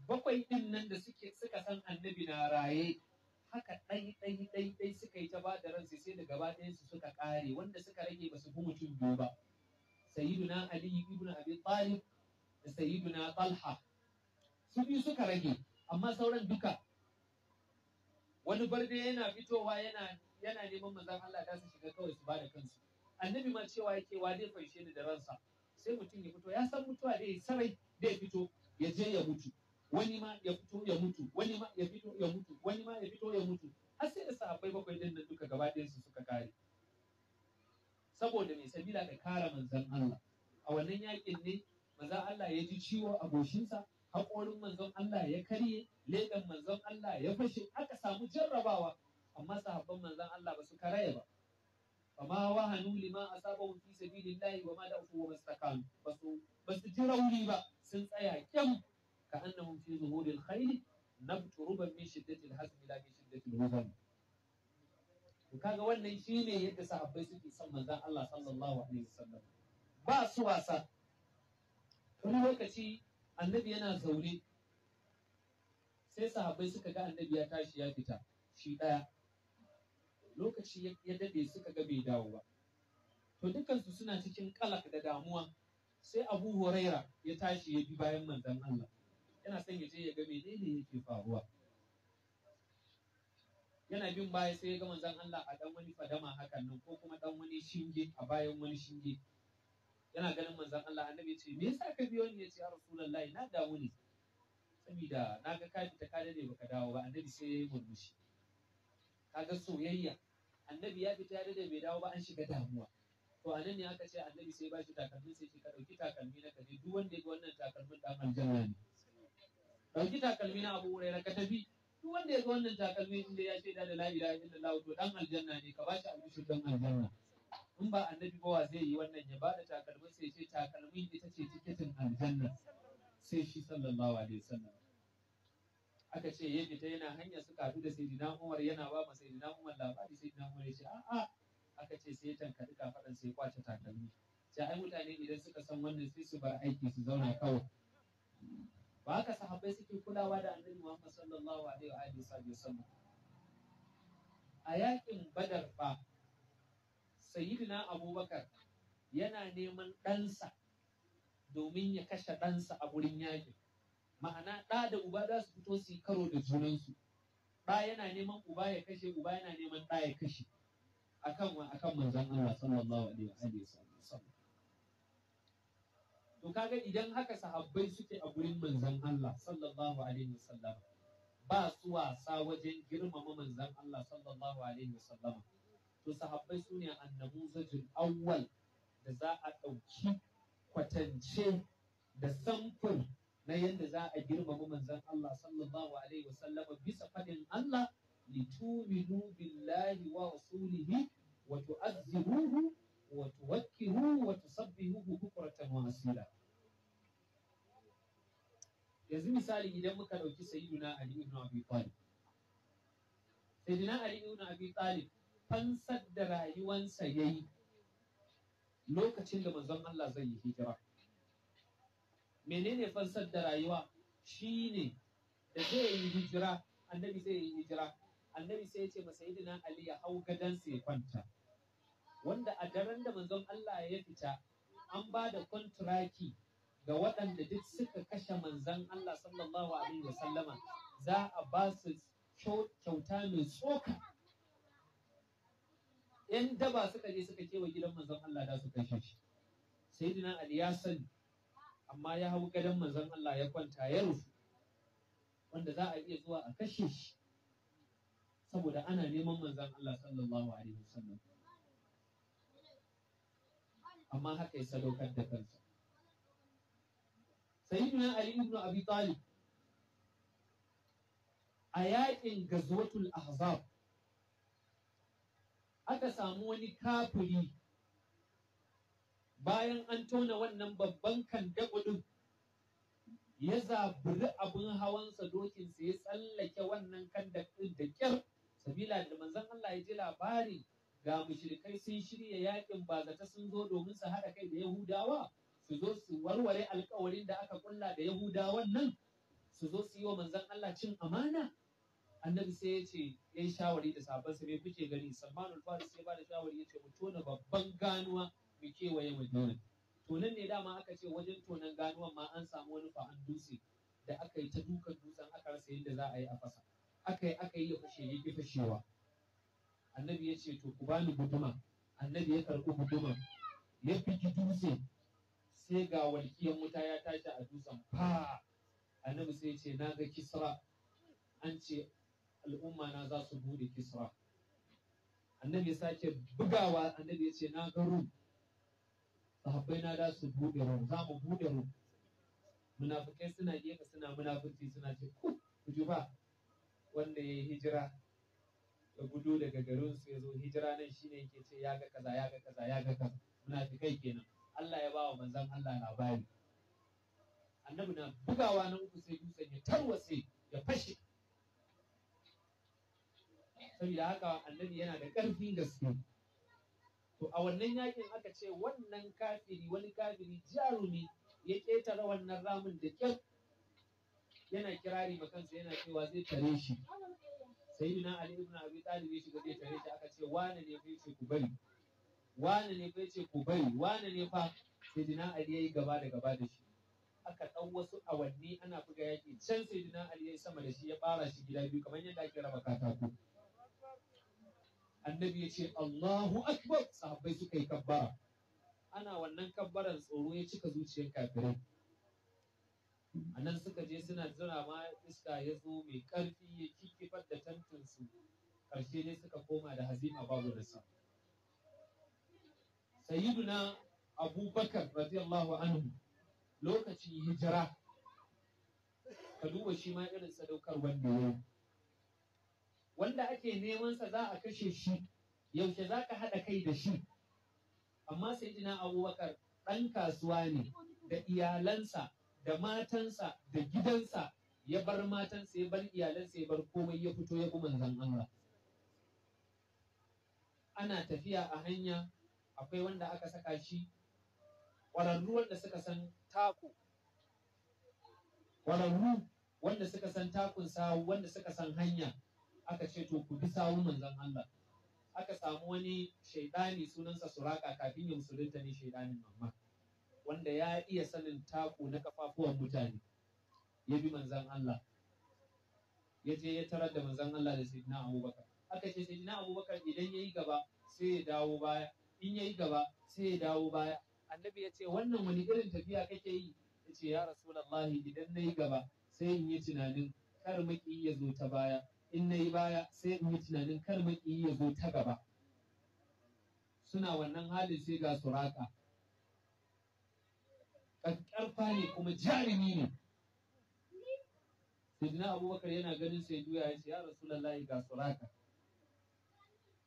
bakwai ɗin nan da suke suka san annabi na raye haka ɗai ɗai ɗai ɗai suka yi ta ba da ransu sai da gaba su suka kare, wanda suka rage ba su fi mutum biyu ba sayyiduna ali ibn abi talib da sayyiduna talha su biyu suka rage amma sauran duka wani barde yana fitowa yana yana neman manzon Allah da su shiga kawai su bada kansu annabi ma cewa yake wa zai fanshe ni da ransa sai mutum ya fito ya san mutuwa dai sarai dai fito ya je ya mutu wani ma ya fito ya mutu wani ma ya fito ya mutu wani ma ya fito ya mutu har sai da sahabbai bakwai din nan duka gaba su suka kare saboda mai sabila da kara manzon Allah a wannan yakin ne manzon Allah ya ji ciwo a goshinsa haƙorin manzon Allah ya karye leɗan manzon Allah ya fashe aka samu jarrabawa amma sahabban manzon Allah ba su karaya ba amma wahanu lima asabahum fi sabilillahi wa ma da'u wa su Ba su ji rauni ba sun tsaya kyam كأنهم في ظهور الخيل نبت ربا من شدة الهزم لا من شدة الوزن kaga wannan shine yadda sahabbai suke son manzon Allah sallallahu alaihi wasallam ba su wasa wani lokaci annabi yana zaune sai sahabbai suka ga annabi ya tashi ya fita shi daya lokaci ya dade suka ga bai dawo ba to dukansu suna cikin kalak da damuwa sai abu huraira ya tashi ya bi bayan manzon Allah yana son ya je ya ga menene yake faruwa yana bin baya sai ya ga manzon Allah a dan wani fadama hakan nan ko kuma dan wani shinge a bayan wani shinge yana ganin manzon Allah annabi ce me yasa ka biyo ni ya ce ya rasulullahi na damu ne saboda na ga ka fita ka dade baka dawo ba annabi sai ya yi murmushi kaga soyayya annabi ya fita ya dade bai dawo ba an shiga damuwa to a nan ne aka ce annabi sai ba shi takalmin sai ce ka ɗauki takalmi na kaje duk wanda ya ga wannan takalmin ɗan aljanna ne ɗauki takalmi na abu huraira ka tafi duk wanda ya zo wannan takalmi inda ya ce da la ilaha illallah to dan aljanna ne ka bashi albishir dan aljanna in ba annabi ba zai yi wannan ya bada takalmin sai ce takalmin ita ce tiketin aljanna sai shi sallallahu alaihi wasallam aka ce ya fita yana hanya su Kadu da sayyidina Umar yana ba ma sayyidina Umar labari sayyidina Umar ya ce a'a aka ce sai ya tankaɗi kafaɗan sai ya kwace takalmi sai ai mutane idan suka san wannan sai su bar aiki su zauna kawai ba haka sahabbai suke kulawa da annabi Muhammad sallallahu alaihi wa alihi wasallam a yakin Badar fa sayyidina Abubakar yana neman ɗansa domin ya kashe ɗansa a wurin yaƙi ma'ana ɗa da uba za su fito su yi karo da junansu ɗa yana neman uba ya kashe uba yana neman ɗa ya kashe akan akan manzon Allah sallallahu alaihi wa alihi wasallam to kaga idan haka sahabbai suke a gurin manzan Allah sallallahu alaihi wasallam ba su wasa wajen girmama manzan Allah sallallahu alaihi wasallam to sahabbai su ne annabuzajul awwal da za a ɗauki kwatance da samfur na yadda za a girmama manzan Allah sallallahu alaihi wasallam bisa faɗin Allah lituminu billahi wa rasulihi wa tu'azziruhu وتوكهوه وتسبهوه بكرة وأصيلا yanzu misali idan muka ɗauki sayyiduna Ali ibn Abi Talib sayyiduna Ali ibn Abi Talib fansar da rayuwansa yayi lokacin da manzon Allah zai yi hijira menene fansar da rayuwa shine da zai yi hijira annabi zai yi hijira annabi sai ya ce masa sayyidina Ali ya hau gadansa ya kwanta wanda a daren da manzon Allah ya fita an ba da kontraki ga waɗanda duk suka kashe manzon Allah sallallahu alaihi wasallama za a ba su kyauta mai tsoka yan daba suka je suka kewa gidan manzon Allah da su kashe shi sayyidina Ali ya sani amma ya hau gadon manzon Allah ya kwanta ya rufu wanda za a iya zuwa a kashe shi saboda ana neman manzon Allah sallallahu alaihi wasallam amma haka ya sadaukar da kansa sayyidina ali ibn abi talib a yaƙin gazwatul ahzab aka samu wani kafiri bayan an tona wannan babban kandagudin ya zaburi abin hawansa dokinsa ya tsallake wannan ɗin da ƙyar, sabila da manzon Allah ya ji labari ga mushrikai sun shirya yakin bazata sun zo domin su haɗa kai da yahudawa su zo su warware alkawarin da aka kulla da yahudawan nan su zo su yi wa manzon Allah cin amana annabi sai ya ce ya shawari da sabon sa kuke gani salmanul faris sai ba da shawari ya ce mu tona babban ganuwa mu kewaye madina mm. to nan ne dama aka ce wajen tonan ganuwan ma an samu wani fa'an dutse da aka yi ta dukan dutsen aka rasa yadda za a yi a fasa aka yi aka yi ya fashe fashewa annabi ya ce to ku bani guduma annabi ya karɓi guduma ya fiki dutse sai ga walƙiyan wuta ya tashi a dutsen fa annabi sai ce na ga kisra an ce al'umma na za su bude kisra annabi ya sake bugawa annabi ya ce na ga rum sahabbai na da su bude rum za mu bude rum munafukai suna gefe suna munafurci suna ce ku ku ji ba wanda ya hijira ya gudu daga garinsu su ya zo hijira nan shine yake ce ya ga kaza ya ga kaza ya ga kaza kai kenan Allah ya bawa manzon Allah labari annabi na bugawa nan uku sai dutsen ya tarwatse ya fashe saboda haka annabi yana da ƙarfin gaske to a wannan yakin aka ce wannan kafiri wani kafiri jarumi ya ƙetare wannan ramin da kyau yana kirari ma kansa yana cewa zai tare shi sayyidina ali ibn abi talib ya shiga zai tare shi aka ce wane ne fa yace ku bari wane ne fa yace ku bari wane ne fa sayyidina ali yayi gaba da gaba da shi aka ɗau wasu awanni ana buga yaki can sayyidina ali yayi sama da shi ya fara shi gida biyu kamar yadda ake raba katako annabi ya ce Allahu akbar sahabbai suka yi kabbara ana wannan kabbaran tsoro ya cika zuciyar kafirai a nan suka je suna jira ma iska ya zo mai ƙarfi ya kikifar da tantansu ƙarshe ne suka koma da hazima babu da su sayyiduna abubakar radiyallahu anhu lokacin hijira ka duba shi ma irin sadaukar wanda ya wanda ake neman sa za a kashe shi yaushe za ka haɗa kai da shi amma sayyiduna abubakar ɗan kasuwa ne da iyalansa da matansa da gidansa ya bar matansa ya bar iyalansa ya bar komai ya fito ya bi zan Allah ana tafiya a hanya akwai wanda aka saka shi ƙwararru wanda suka san taku ƙwararru wanda suka san takun sawu wanda suka san hanya aka ce to ku bi sawun manzon Allah aka samu wani shaidani sunansa suraka kafin ya musulunta ne shaidanin mamman. wanda ya iya sanin taku na kafafuwan mutane ya bi manzan Allah ya je ya tarar da manzan Allah da sayyidina Abubakar aka ce sayyidina Abubakar idan yayi gaba sai ya dawo baya in yayi gaba sai ya dawo baya annabi ya ce wannan wani irin tafiya kake yi ya ce ya rasulullahi idan nayi gaba sai in yi tunanin kar maki ya zo ta baya in nayi baya sai in yi tunanin kar maki ya zo ta gaba suna wannan halin sai ga suraka ƙarfa ne kuma jarumi ne sidina abubakar yana ganin sai juya ya ce ya rasulullahi ga suraka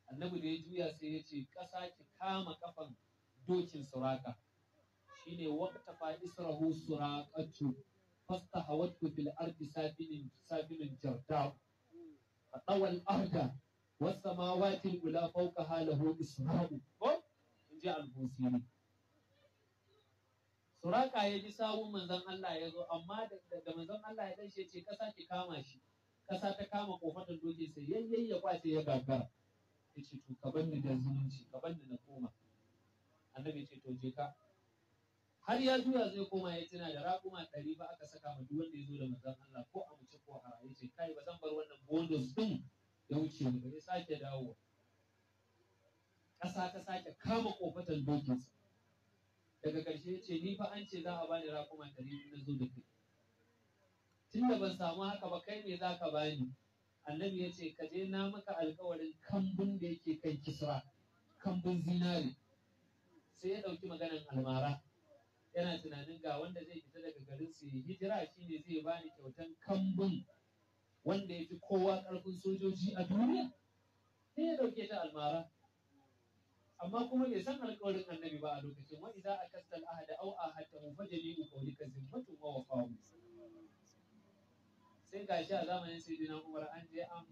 annabi da ya juya sai ya ce ƙasa ki kama kafan dokin suraka shine waqta fa israhu suraqatu fastahawattu fil ardi safinin safinin jarda atawal arda was samawati ula fawqaha lahu isra'u ko inji al-busiri suraka ya ji sawun manzon Allah ya zo amma da manzon Allah ya dace ce kasa ki kama shi kasa ta kama kofatan doki sai yayyen ya kwace ya gagara ya ce to ka bani da zumunci ka bani na koma annabi ce to je ka har ya zuwa zai koma ya tuna da raƙuma ɗari ba aka saka ma duk wanda ya zo da manzon Allah ko a mace ko a ya ce kai ba zan bar wannan bonus din ya wuce ni ba ya sake dawo. ƙasa ta sake kama dokin sa. daga ƙarshe ya ce ni fa an ce za a bani rakuma ɗari na zo da tunda ban samu haka ba kai ne za ka bani annabi ya ce ka je na maka alkawarin kambun da yake kai kisra kambun zinari sai ya ɗauki maganan almara yana tunanin ga wanda zai fita daga garin su hijira shi ne zai bani kyautan kambun wanda ya fi kowa ƙarfin sojoji a duniya sai ya ɗauke ta almara amma kuma bai san alƙawarin annabi ba a lokacin wa a akastal ahada aw ka fajli'u qawlika zimmatu wa wafa'u sai gashi a zamanin sayyidina Umar an je an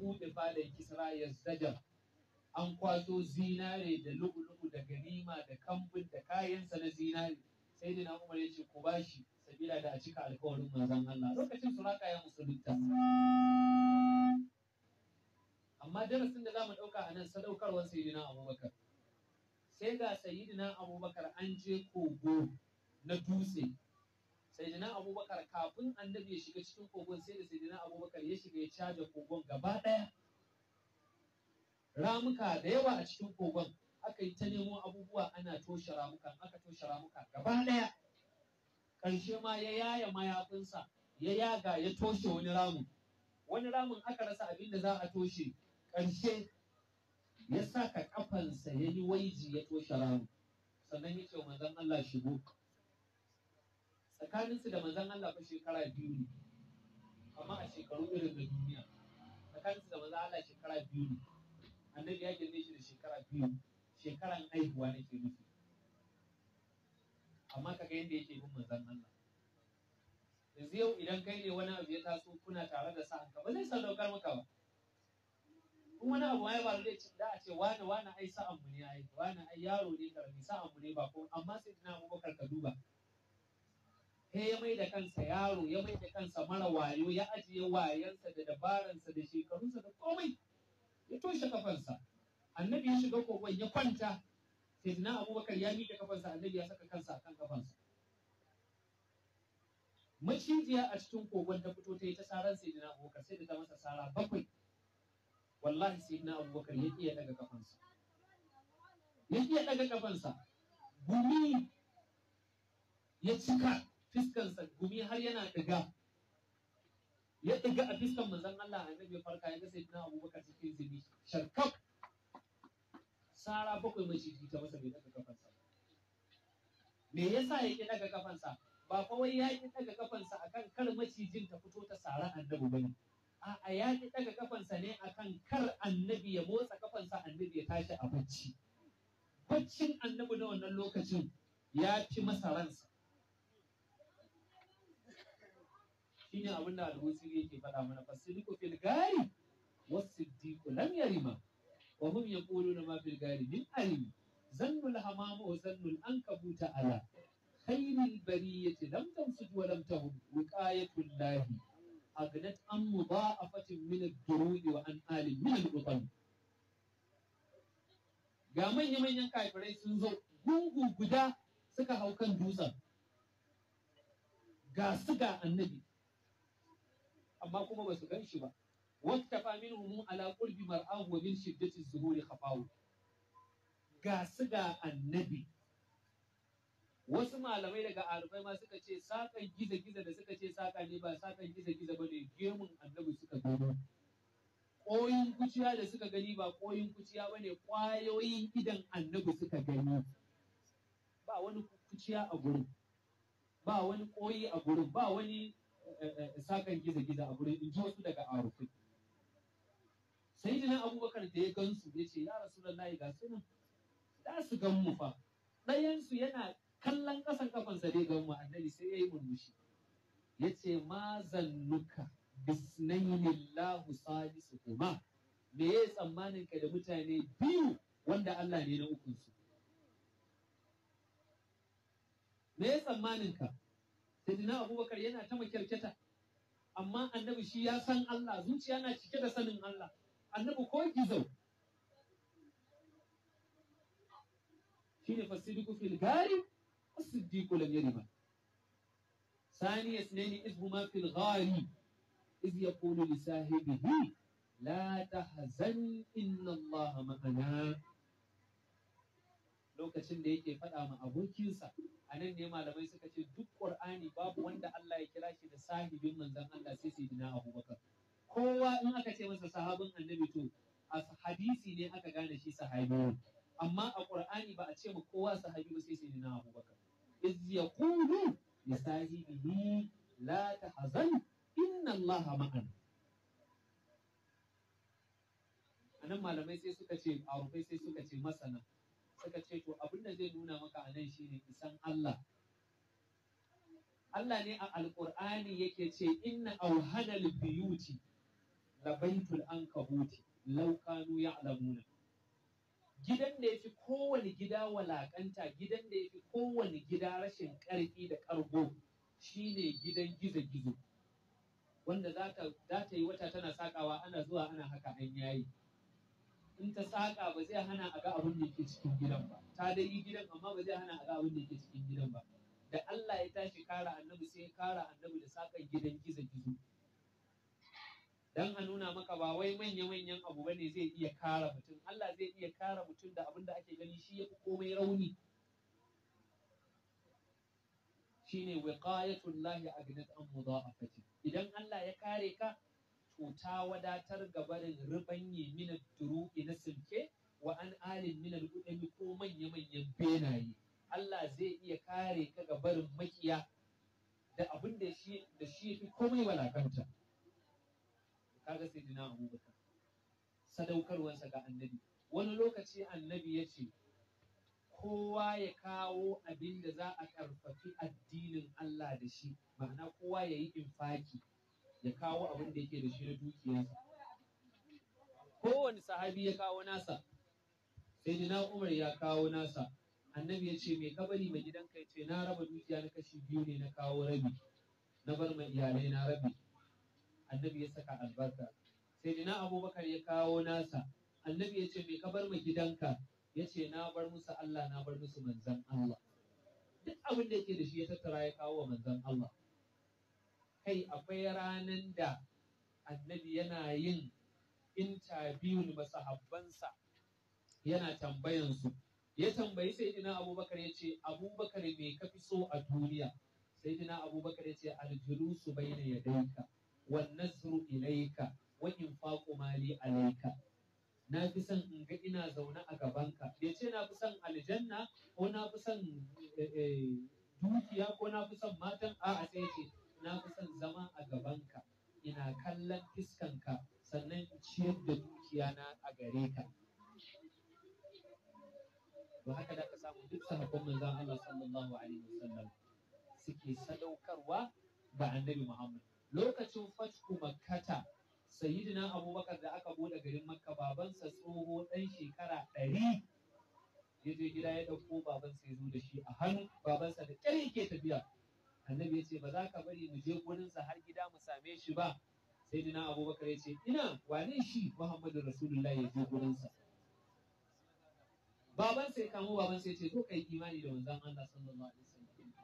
bude fadan Kisra ya zajar an kwaso zinare da lu'ulu'u da ganima da kambun da kayansa na zinare sayyidina Umar ya ce ku bashi sabila da a cika alƙawarin manzon Allah lokacin suraka ya musulunta amma darasin da za mu ɗauka a nan sadaukarwar sayyidina abubakar sai ga sayyidina abubakar an je kogo na dutse sayyidina abubakar kafin annabi ya shiga cikin kogon sai da sayyidina abubakar ya shiga ya caja kogon gaba ɗaya ramuka da yawa a cikin kogon aka yi ta nemo abubuwa ana toshe ramuka aka toshe ramuka gaba ɗaya Karshe ma ya yaya mayafinsa ya yaga ya toshe wani ramu. wani ramin aka rasa abin da za a toshe ƙarshe ya saka kafansa ya yi waiji ya toshe ramu sannan ya ce mazan Allah shigo tsakaninsu da mazan Allah fa shekara biyu ne amma a shekaru irin na duniya tsakaninsu da manzon Allah shekara biyu ne annabi ya girme shi da shekara biyu shekaran haihuwa ke nufi amma kaga yadda yake bin mazan Allah yanzu yau idan kai ne wani abu ya taso kuna tare da sa'anka ba zai sadaukar maka ba wani abu ya faru zai da a ce wani wani ai sa'an abu ne ai wani ai yaro ne karami sa'an abu ne ba ko amma sai ina abubakar ka duba sai ya mai da kansa yaro ya mai da kansa mara wayo ya ajiye wayansa da dabaransa da shekarunsa da komai ya toshe kafansa annabi ya shiga kogon ya kwanta sai na abubakar ya miƙe kafansa annabi ya saka kansa akan kafansa macijiya a cikin kogon ta fito ta yi ta saran sai na abubakar sai da ta masa sara bakwai wallahi sai na abubakar ya iya daga kafansa ya iya daga kafansa gumi ya cika fiskansa gumi har yana daga ya daga a fiskan manzon Allah a nabi farka ya ga sai na abubakar cikin zubi sharkaf sara bakwai maciji ta masa bai daga kafansa me yasa ya ki daga kafansa ba kawai ya ki daga kafansa akan kar macijin ta fito ta sara annabi bane a'a ya ki daga kafansa ne akan kar annabi ya motsa kafansa annabi ya tashi a bacci baccin annabi na wannan lokacin ya fi masa ransa shine abin da al yake faɗa mana fasiliku fil gari was-siddiqu lam yarima wa hum yaquluna ma fil gari min alim zannul hamamu wa zannul ankabuta ala khairil bariyati lam tamsud wa lam tahum wiqayatul lahi أغنت أم مضاعفة من الدروع وأن آل من الوطن ga manya-manyan kafirai sun zo gungu guda suka hau kan dutsen ga su annabi amma kuma ba su gan shi ba wata famin humu ala mara mar'ahu wa min shiddati zuhuri khafawu ga su ga annabi wasu malamai daga arubai ma suka ce saƙan giza-giza da suka ce saƙa ne ba saƙan giza-giza ba ne gemun annabi suka gano ƙoyin kuciya da suka gani ba ƙoyin kuciya ba ne ƙwayoyin idan annabi suka gani ba wani kuciya a gurin ba wani ƙoyi a gurin ba wani eh, eh, eh, saƙan giza-giza a gurin in ji wasu daga arubai sai jinan abubakar da ya gansu ya ce ya rasu da ga sunan za su gan mu fa ɗayansu yana kallon ƙasan kafansa dai ga annabi sai ya yi murmushi ya ce ma zannuka bisnayillahu salisu kuma me ya tsammanin ka da mutane biyu wanda Allah ne na ukunsu me ya tsammanin ka Sadina abubakar yana ta makyarkyata amma annabi shi ya san Allah zuciya na cike da sanin Allah annabi ko Shi shine fasidiku fil gari الصديق لم يلبث ثاني اثنين إذ هما في الغار إذ يقول لصاحبه لا تحزن إن الله معنا lokacin da yake faɗa ma abokinsa a nan ne malamai suka ce duk ƙur'ani babu wanda Allah ya kira shi da sahibin manzon Allah sai sai dina Abubakar kowa in aka ce masa sahabin annabi to a hadisi ne aka gane shi sahabi amma a ƙur'ani ba a ce ma kowa sahabi ba sai sai dina Abubakar iz yaqulu li sahibihi la tahzan inna allaha ma'ana anan malamai sai suka ce arufai sai suka ce masana suka ce to abin da zai nuna maka a nan shine isan Allah Allah ne a alƙur'ani yake ce inna auhanal biyuti labaitul ankabuti law kanu ya'lamuna gidan da ya fi kowane gida walakanta gidan da ya fi kowane gida rashin ƙarfi da ƙargo shine gidan gizo-gizo wanda za ta yi wata tana sakawa ana zuwa ana haka an yayi in ta saka ba zai hana a ga abin da ke cikin gidan ba ta dai gidan amma ba zai hana a ga abin da ke cikin gidan ba da Allah ya tashi kara annabi sai ya kara annabi da sakan gidan gizo-gizo dan a nuna maka ba wai manya-manyan abu bane zai iya kara mutum Allah zai iya kara mutum da abin da ake gani shi ya fi komai rauni shine wiqayatul lahi an mudha'afati idan Allah ya kare ka to ta wadatar ga barin rubanye min turu na silke wa an alin min al ko manya-manyan benaye Allah zai iya kare ka ga barin makiya da abin da shi da shi fi komai walakanta kaga sai dina abubakar sadaukarwarsa ga annabi wani lokaci annabi ya ce kowa ya kawo abin da za a karfafi addinin Allah da shi ma'ana kowa ya yi infaki ya kawo abin da yake da shi na dukiyarsa kowane sahabi ya kawo nasa sai dina umar ya kawo nasa annabi ya ce mai kabari ba gidanka kai ce na raba dukiya na kashi biyu ne na kawo rabi na bar mai iyalai na rabi annabi ya saka albarka sai dina abubakar ya kawo nasa annabi ya ce me ka bar mu gidanka ya ce na bar musu Allah na bar musu manzan Allah duk abin da yake da shi ya tattara ya kawo manzan Allah kai akwai ranan da annabi yana yin intabiyun masahabbansa yana tambayan su ya tambayi saidina abubakar ya ce abubakar me ka fi so a duniya Saidina abubakar ya ce aljulusu bayna yadayka wan nasru ilaika wa infaqu mali na fi son in ga ina zaune a gabanka bai ce na fi son aljanna ko na fi son eh, eh, dukiya ko na fi son matan a'a sai ce na fi son zama a gabanka ina kallon fiskanka sannan ciyar da dukiya na a gare ka Ba haka da ka samu duk sahabban manzon Allah sallallahu alaihi wasallam suke sadaukarwa ga annabi Muhammad lokacin fatku makkata sayyidina abubakar da aka bude garin makka babansa tsoho dan shekara ɗari ya je gida ya ɗauko babansa ya zo da shi a hannu babansa da ƙyar yake tafiya annabi ya ce ba za ka bari mu je gurinsa har gida mu same shi ba Sayyidina abubakar ya ce ina wane shi muhammadu rasulullahi ya je gurinsa babansa ya kamo babansa ya ce zo kai imani da wanzan allah sallallahu alaihi wasallam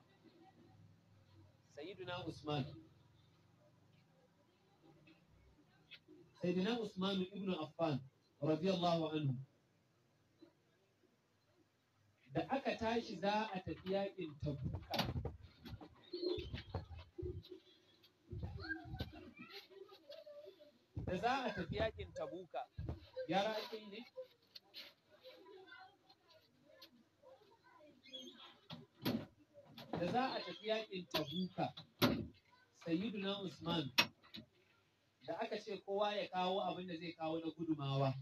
sayyiduna usman sayyidina usman ibn affan radiyallahu anhu da aka tashi za a tafi yakin tabuka da za a tafi yakin tabuka gyara ake ne da za a tafi yakin tabuka sayyiduna usman da aka ce kowa ya kawo abin da zai kawo na gudumawa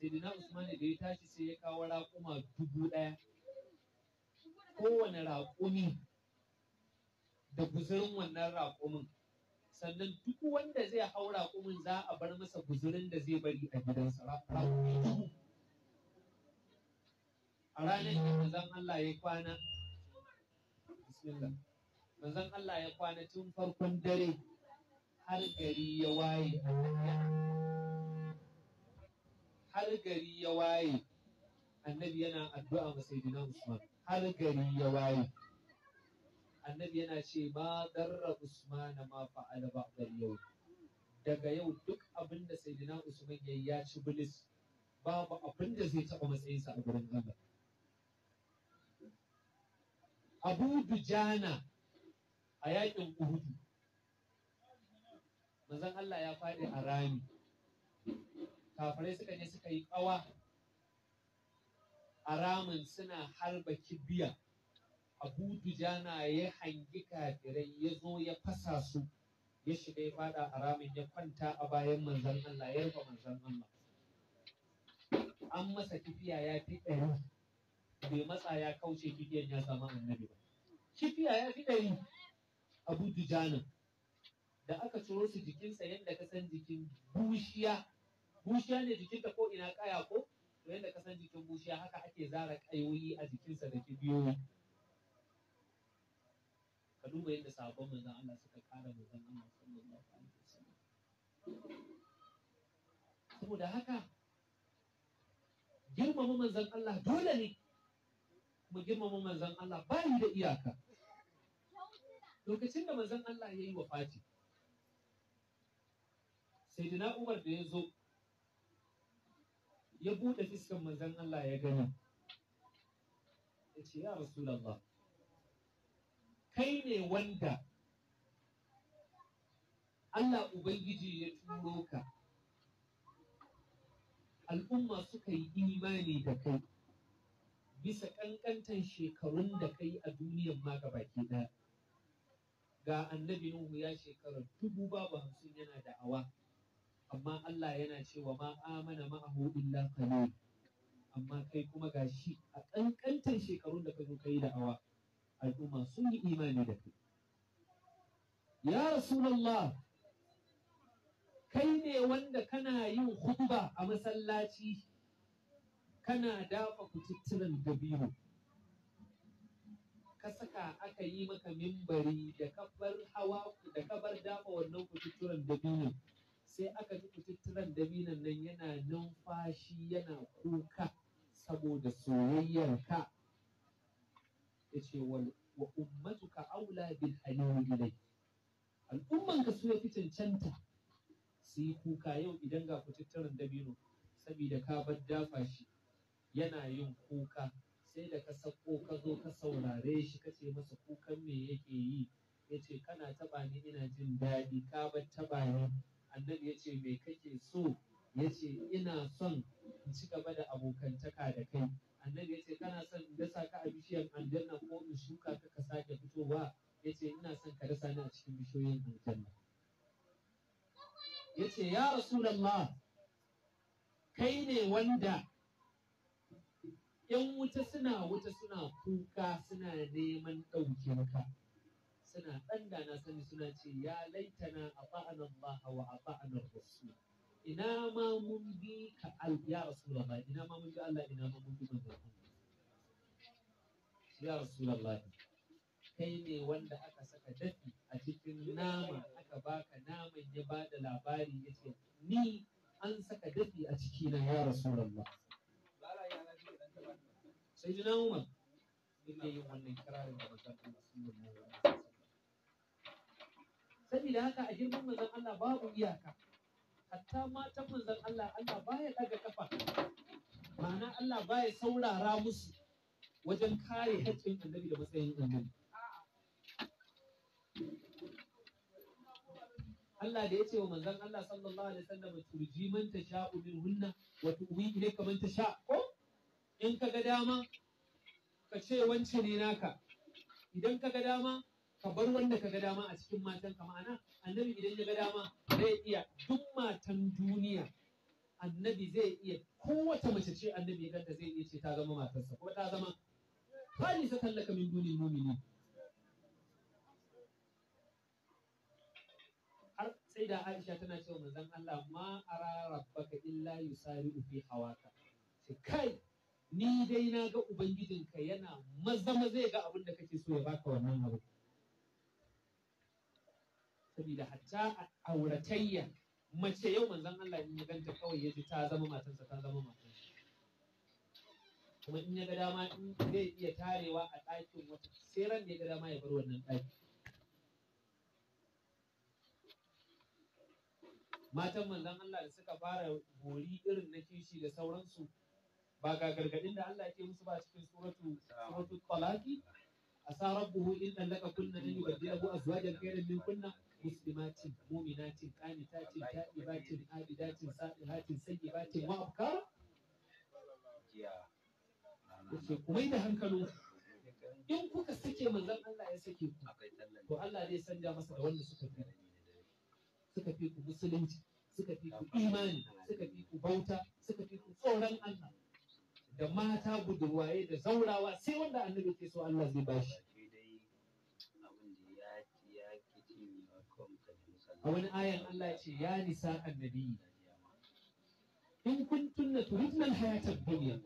sai dina usmani da ya tashi sai ya kawo raƙuma dubu ɗaya kowane raƙumi da guzurin wannan raƙumin sannan duk wanda zai hau raƙumin za a bar masa guzurin da zai bari a gidansa raƙumi a ranar da manzon Allah ya kwana bismillah manzon Allah ya kwana tun farkon dare har gari ya waye har gari ya waye annabi yana addu'a ga sayyidina Usman har gari ya waye annabi yana ce ma darra Usman ma fa'al ba'da yau daga yau duk abin da sayyidina Usman yayi ya ci bilis babu abin da zai taɓa sa a gurin Allah Abu Dujana a yakin Uhudu manzon Allah ya faɗi a rami kafirai suka ne suka yi ƙawa a ramin suna harba kibiya abu dujana ya hangi kafirai ya zo ya fasa su ya shiga ya fada a ramin ya kwanta a bayan manzon Allah ya rufe manzon Allah an masa kifiya ya fi ɗari bai matsa ya kauce kibiyan ya zama annabi ba kifiya ya fi ɗari abu dujana da aka ciro shi jikinsa yadda ka san jikin bushiya bushiya ne jikinta ko ina kaya ko to yadda ka san jikin bushiya haka ake zara kayoyi a jikinsa da kibiyoyi ka duba yadda sabon manzon Allah suka kara manzon Allah sallallahu alaihi wasallam saboda haka girmama manzon Allah dole ne kuma girmama manzon Allah ba da iyaka lokacin da manzon Allah ya wafati fati sayyidina Umar da ya zo ya buɗe fiskan manzon Allah ya gani ya ce ya Rasulallah kai ne wanda Allah Ubangiji ya turo ka al'umma suka yi imani da kai bisa ƙanƙantan shekarun da kai a duniyan ma gaba ke ɗaya ga annabi Nuhu ya shekara dubu babu hamsin yana da da'awa amma Allah yana cewa ma amana ma'ahu illa qalil amma kai kuma gashi a ƙanƙantar shekarun da ka zo da awa al'umma sun yi imani da kai ya rasulullah kai ne wanda kana yin khutba a masallaci kana dafa kututturen dabino ka saka aka yi maka mimbari da kabar hawa da kabar dafa wannan kututturen dabino sai aka ji kututturan dabinan nan yana numfashi yana kuka saboda soyayyarka ya ce wa ummatuka aula bil halawi ilai al'ummanka su ya fi cancanta su yi kuka yau idan ga kututturan dabino saboda ka bar dafa shi yana yin kuka sai da ka sako ka zo ka saurare shi ka ce masa kukan me yake yi ya ce kana taɓa ni ina jin daɗi ka bar taɓa ni annabi ya ce me kake so ya ce ina son in ci gaba da abokantaka da kai annabi ya ce kana son in dasa ka a bishiyar aljanna ko in shuka ka ka sake fitowa ya ce ina son ka dasa ni a cikin bishiyoyin aljanna ya ce ya rasulallah kai ne wanda ‘yan wuta suna wuta suna kuka suna neman ɗauke ka suna ɗan da na sani suna ce ya laitana a ba'an Allah wa a ba'an Rasul ina ma mun bi ka ya rasu Rasulullah ina ma mun bi Allah ina ma mun bi manzon Allah ya Rasulullah kai ne wanda aka saka dafi a cikin nama aka baka naman ya ba da labari ya ce ni an saka dafi a cikina ya rasu Rasulullah sai jina Umar yake yin wannan kirarin da manzon Allah sallallahu alaihi saboda haka a girman manzon Allah babu iyaka hatta matan manzon Allah Allah baya daga kafa ma'ana Allah baya saurara musu wajen kare haƙƙin annabi da matsayin annabi Allah da ya ce wa manzon Allah sallallahu alaihi wasallam turji man tasha'u min hunna wa tuwi ilayka man tasha ko in kaga dama ka ce wance ne naka idan kaga dama ka bar wanda ka ga dama a cikin matan ka ma'ana annabi idan ya ga dama zai iya duk matan duniya annabi zai iya kowace mace ce annabi ya ganta zai iya ce ta zama matarsa ko ta zama fani sa tallaka min dunin mumini har sai da Aisha tana cewa manzon Allah ma ara rabbaka illa yusari fi hawaka kai ni dai na ga ubangijinka yana maza maza ga abin da kake so ya baka wannan abu saboda hatta auratayya mace yau manzon Allah in ya ganta kawai ya ji ta zama matarsa ta zama matarsa kuma in ya ga dama in zai iya tarewa a ɗakin wata sai ran da ya ga dama ya bar wannan ɗaki matan manzon Allah da suka fara gori irin na kishi da sauransu ba ga gargadin da Allah ke musu ba cikin suratu suratu talaqi asa rabbuhu in dallaka kunna an yubaddilahu azwajan khayran min kunna muslimatin muminatin qanitatin ta'ibatin abidatin sa'ihatin sayyibatin wa abkar yace kuma mai da hankalin in kuka sake manzon Allah ya sake ku to Allah zai sanja masa da wanda suka fi suka fi ku musulunci suka fi ku imani suka fi ku bauta suka fi ku tsoron Allah da mata budurwaye da zaurawa sai wanda annabi ke so Allah zai bashi a wani ayan Allah ya ce ya nisa annabi in kun kuntunna turidna alhayata ad-dunya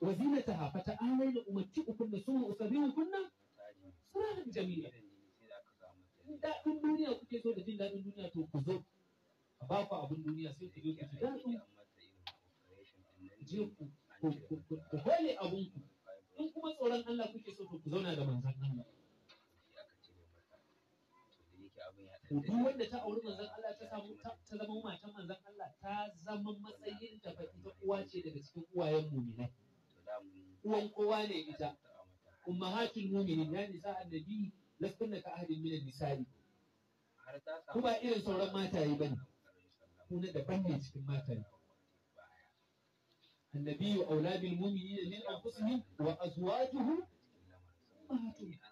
wa zinataha fata'alayna umatti'ukunna summa usabihukunna sarahan jamila daɗin duniya kuke so da jin daɗin duniya to ku zo a ba ku abin duniya sai ku zo ku ji daɗin je ku ku abin ku in kuma tsoron Allah kuke so to ku zauna da manzon Allah to duk wanda ta auri manzon Allah ta samu ta zama matan manzon Allah ta zama matsayin da fa ita uwa ce daga cikin uwayen mu'minai uwan kowa ne ita hakin mu'minin ya nisa annabi lastunna ka ahadin min misali kuma irin sauran mataye bane ku na daban ne cikin mataye annabi wa auladul mu'minina min anfusihim wa azwajuhu ummahatuhum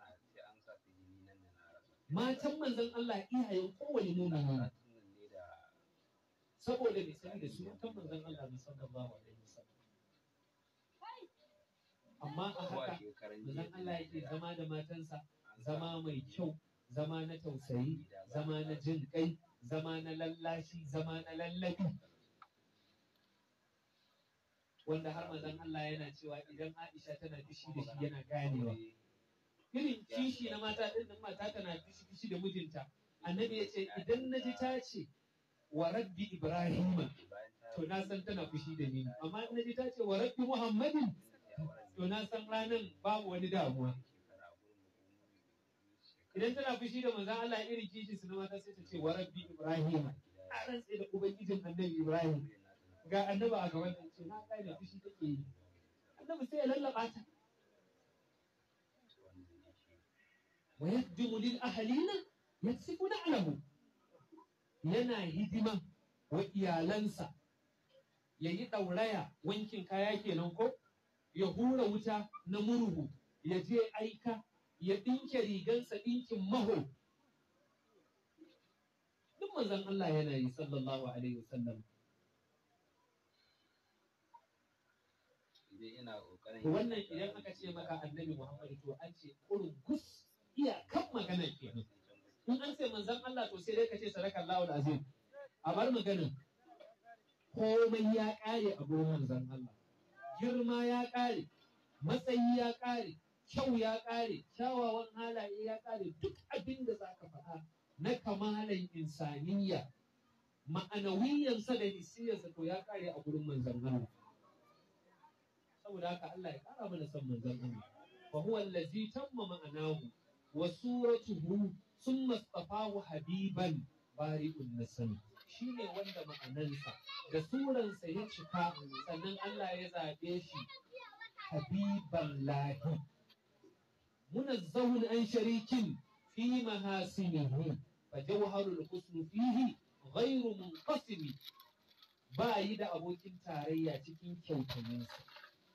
matan manzon Allah iyayen kowane nuna hana. saboda bai sani da matan manzon Allah ne sallallahu alaihi wasallam amma a haka manzon Allah yake zama da matansa zama mai kyau zama na tausayi zama na jin kai zama na lallashi zama na lallabi wanda har Manzan Allah yana cewa idan Aisha tana fishi da shi yana ganewa irin kishi na mata ɗin nan mata tana kishi da mijinta annabi ya ce idan na ji ta ce wa rabbi ibrahima to na san tana fushi da ni amma na ji ta ce wa rabbi muhammadin to na san ranan babu wani damuwa idan tana fushi da manzon Allah irin kishi su na mata sai ta ce wa rabbi ibrahima a rantsa da ubangijin annabi ibrahim ga annaba a gaban ce na kai da fushi take yi annabi sai ya lallaba ta wa yaddimu lil ahalina yaksifu na'lamu yana hidiman wa iyalansa ya yi ɗauraya wankin kaya kenan ko ya hura wuta na murhu ya je aika ya ɗinke rigansa ɗinkin maho duk manzon Allah yana yi sallallahu alaihi wasallam wannan idan aka ce maka annabi Muhammad to an ce kurun gus Iya kan maganar kenan in an ce manzon Allah to sai dai ka ce sadakallahu alazim a bar magana komai ya kare a gurin manzon Allah girma ya kare matsayi ya kare kyau ya kare kyawawan halaye ya kare duk abin da zaka faɗa na kamalan insaniya ma'anawiyansa da hisiyarsa to ya kare a gurin manzon Allah saboda haka Allah ya kara mana san manzon Allah fa huwa allazi tamma ma'anahu wa sun mastafahu habiban bari'un nasami shi ne wanda ma'anansa da suransa ya cika sannan Allah ya zaɓe shi habiban lahi munazzahun an sharikin fi mahasinihi fa jawharul husn fihi ghairu munqasimi ba yi da abokin tarayya cikin kyautaninsa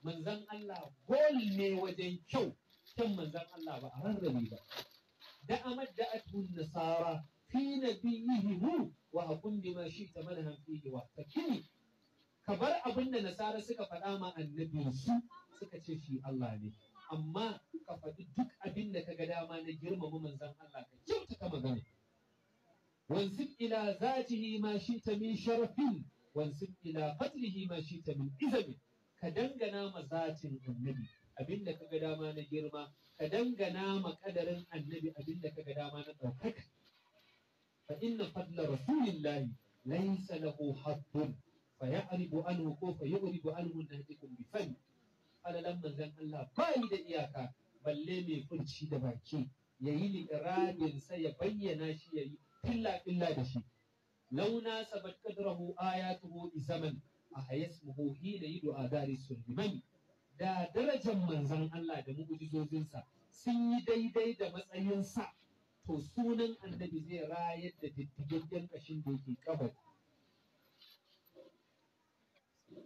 manzon Allah gol ne wajen kyau kan manzan Allah ba a rarrabe ba da amadda atun nasara fi nabiyihimu wa hakun bima shi ta manhan fihi wa fakini ka bar abin da nasara suka faɗa ma annabin su suka ce shi Allah ne amma ka faɗi duk abin da ka ga dama na girmama manzan Allah ka kyautata magana wansib ila zatihi ma shi ta min sharafin wansib ila fadlihi ma shi ta min izamin ka dangana ma zatin annabi abin da kaga dama na girma ka dangana ma kadarin annabi abin da kaga dama na ɗaukaka fa inna fadla rasulillahi laysa lahu haddun fa ya'ribu anhu ko fa yu'ribu anhu nahdikum bi fani alalan manzon Allah bai da iyaka balle mai furci da baki yayi liqrabin sa ya bayyana shi yayi filla filla da shi launa sabat qadrahu ayatuhu izaman a hayasmuhu hina yidu adari sulmani da darajar manzon Allah da mu'ujizozinsa sun yi daidai da matsayinsa to sunan annabi zai rayar da diddigaggen kashin da yake kabari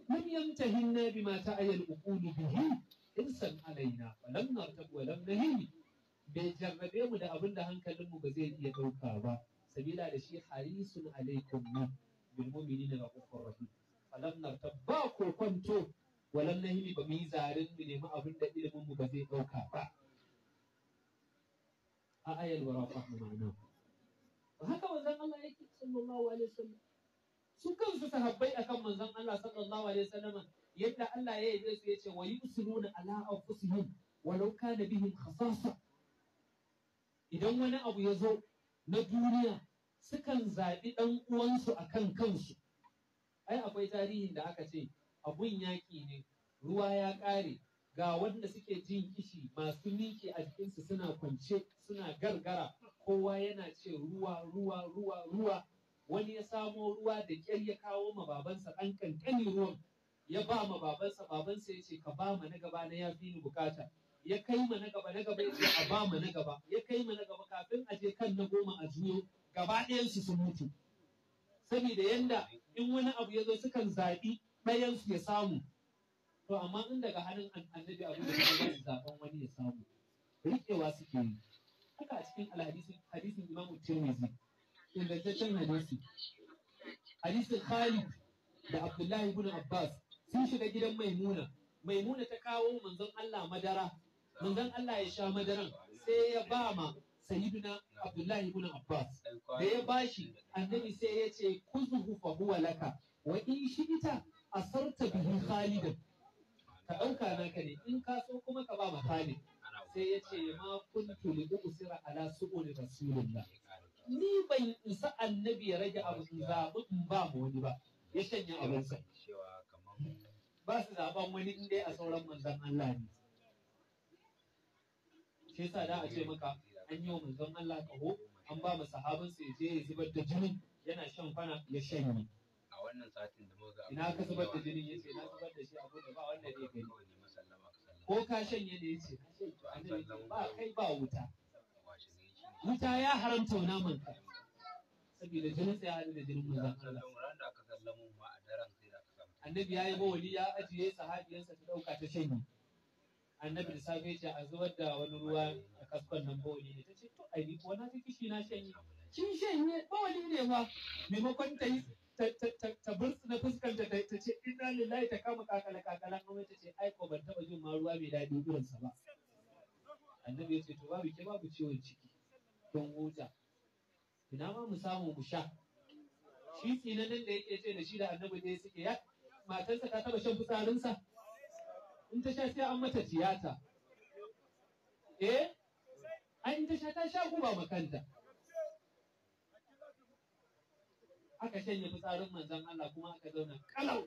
lam yamtahinna bima ta'ayyal uqulu bihi insan alaina falam nartab wa lam nahi bai jarrabe mu da abin da hankalinmu ba zai iya ɗauka ba sabila da shi harisun alaikum ne bil mu'minina rahim falam nartab ba ko kwanto walan nahimi ba mu yi zarin mu nemi abin da ilimin mu ba zai ɗauka ba a ayal wara fahimana haka manzon Allah yake sallallahu alaihi wasallam su kansu sahabbai akan manzon Allah sallallahu alaihi wasallam yadda Allah ya yi su yace wa yusiluna ala anfusihim walau kana bihim khasasa idan wani abu ya zo na duniya sukan zaɓi ɗan uwansu akan kansu ai akwai tarihin da aka ce abun yaƙi ne ruwa ya ƙare ga wanda suke jin kishi masu miƙe a jikinsu suna kwance suna gargara kowa yana ce ruwa ruwa ruwa ruwa wani ya samo ruwa da ƙyar ya kawo ma babansa ɗan ƙanƙani ruwan ya ba ma babansa babansa ya ce ka ba ma na gaba na ya fi ni bukata ya kai ma na gaba na gaba ya ce a ba ma na gaba ya kai ma na gaba kafin a je kan na goma a juyo gaba ɗayansu sun mutu saboda yanda in wani abu ya zo sukan zaɓi su ya samu to amma in daga hannun annabi abu da yi zaɓen wani ya samu riƙewa suke yi haka a cikin alhadisin hadisin imamu tirmidhi ingantaccen hadisi hadisin khalid da abdullahi ibn abbas sun shiga gidan maimuna maimuna ta kawo manzon allah madara manzon allah ya sha madaran sai ya ba ma sayyiduna abdullahi ibn abbas da ya ba shi, annabi sai ya ce kuzuhu fa huwa laka wa in shi ita A asarta bihi khalidan ka ɗauka naka ne in ka so kuma ka ba ma khalid sai ya ce ma kuntu li usira ala su'uli rasulillah ni ban isa annabi ya rage abu in zaɓi in ba mu wani ba ya shanya sa. ba su zaban wani in dai a sauran manzan Allah ne shi sa da a ce maka an yi wa manzon Allah kaho an ba mu sahabansa ya je ya zubar da jinin yana shan fana ya shanye wannan satin da muka ina ka zubar da jinin yace na zubar da shi abu da ba wanda ne gani ko ka shanye ne yace ba kai ba wuta wuta ya haramta wa naman ka saboda jinin sai hadu da jinin manzon Allah da aka sallamo ma a daren sai da aka annabi yayi ba wali ya ajiye sahabiyarsa ta dauka ta shanye annabi da safe ce a zubar da wani ruwa a kaskon nan bawali ne ta ce to ai ni ko na kishi na shanye kin shanye ne maimakon ta yi ta burtsu na fuskanta ta ce ina lillahi ta kama kakala kakala amma ta ce 'Aiko, ban taba jin ma ruwa mai daɗi sa ba annabi ya ce to babu ke babu ciwon ciki don huta ina ma mu samu mu sha shi tsinanin da yake ce da shi da annabi ne suke ya matarsa ta taba shan fitsarinsa in ta sha sai an mata tiyata eh an ta sha ta sha guba makanta aka shanye fitsarin manzan Allah kuma aka zauna kalau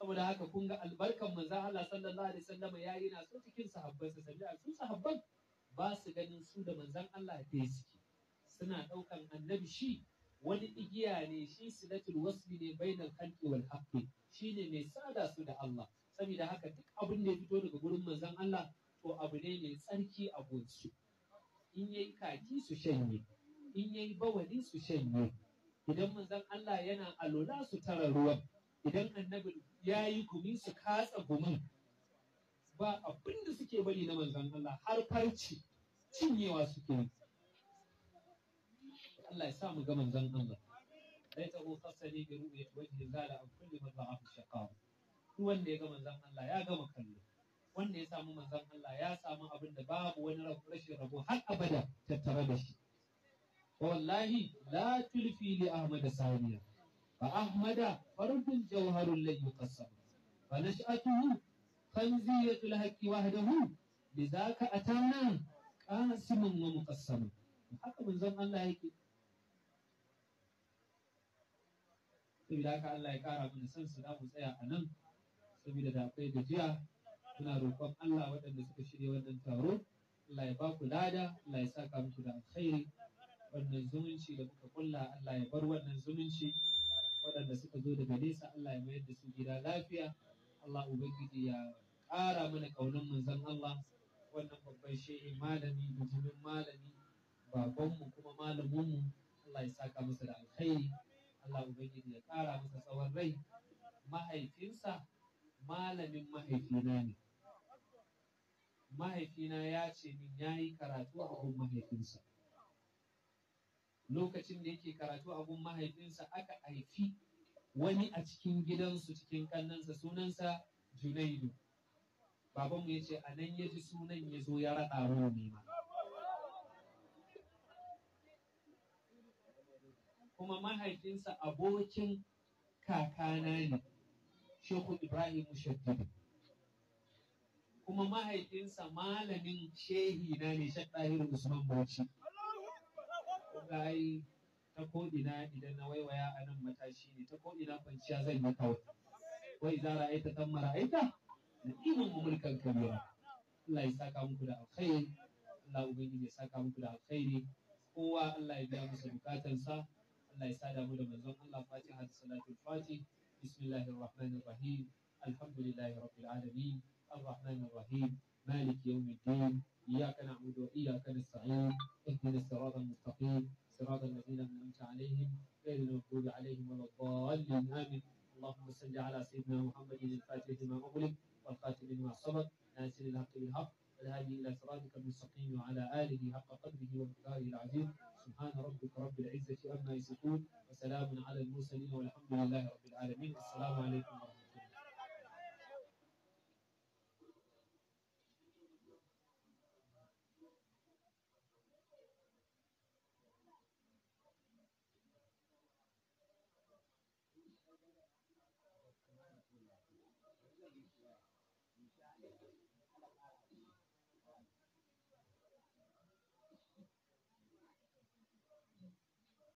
saboda haka kun ga albarkan manzan Allah sallallahu alaihi wasallam ya yi na so cikin sahabban sa sabida su sahabban ba su ganin su da manzan Allah da suke suna daukan annabi shi wani igiya ne shi silatul wasli ne bainal khalqi wal haqqi shine mai tsada su da Allah saboda haka duk abin da ya fito daga gurin manzan Allah to abu ne mai tsarki a gonsu in yayi kaki su shanye in yayi bawali su shanye idan manzon Allah yana alola su tara ruwan idan annabi yayi gumi su katsa gumin ba abin da suke bari na manzon Allah har farci cinyewa suke yi Allah ya sa mu ga manzon Allah laitahu qasani bi ru'yat wajhi zala an kulli man da'ahu shaqa wanda ya ga manzon Allah ya gama kallo wanda ya samu manzon Allah ya samu abin da babu wani rashin rabo har abada tattare da shi wallahi la tulfi li ahmad saniya fa ahmad fardun jawharun la yuqassam fa nash'atuhu khanziyatul haqqi wahdahu bidhaka atana qasimun wa muqassam haka manzon Allah yake saboda haka Allah ya kara mana san su mu tsaya a nan saboda da akwai gajiya muna roƙon Allah waɗanda suka shirya wannan taro Allah ya ba lada Allah ya da alkhairi wannan zumunci da muka kulla Allah ya bar wannan zumunci waɗanda suka zo daga nesa Allah ya mayar da su gida lafiya Allah ubangiji ya ƙara mana ƙaunar manzon Allah wannan babban shehi malami bijimin malami babanmu kuma malaminmu Allah ya saka masa da alkhairi Allah ubangiji ya ƙara masa tsawon rai mahaifinsa malamin mahaifina ne mahaifina ya ce min yayi karatu a gurin mahaifinsa lokacin da yake karatu a gun mahaifinsa aka haifi wani a cikin gidansu cikin kannansa sunansa Junaidu. Babanmu ya ce a nan ya ji sunan ya zo ya raɗa wa ma. Kuma mahaifinsa abokin kakana ne, Shehu Ibrahim Shaddadu. Kuma mahaifinsa malamin shehi na ne Shaddahir Usman Bauchi. ga ai ta ko'ina idan na waiwaya a nan matashi ne ta ko'ina kwanciya zai yi kawai wai za ra'aita dan mara'aita da ɗiban umurkan kabira Allah ya saka muku da alkhairi Allah ubangiji ya saka muku da alkhairi kowa Allah ya biya masa bukatansa Allah ya sada mu da manzon Allah Fatiha da salatu Fati bismillahir rahmanir rahim alhamdulillahi rabbil alamin الرحمن الرحيم مالك يوم إياك نعبد وإياك نستعين اهدنا الصراط المستقيم صراط الذين أنعمت عليهم غير المغضوب عليهم ولا الضالين آمين اللهم صل على سيدنا محمد الفاتح لما أغلق والخاتم لما سبق ناصر الحق بالحق والهادي إلى صراطك المستقيم وعلى آله حق قدره ومقداره العظيم سبحان ربك رب العزة عما يصفون وسلام على المرسلين والحمد لله رب العالمين السلام عليكم ورحمة الله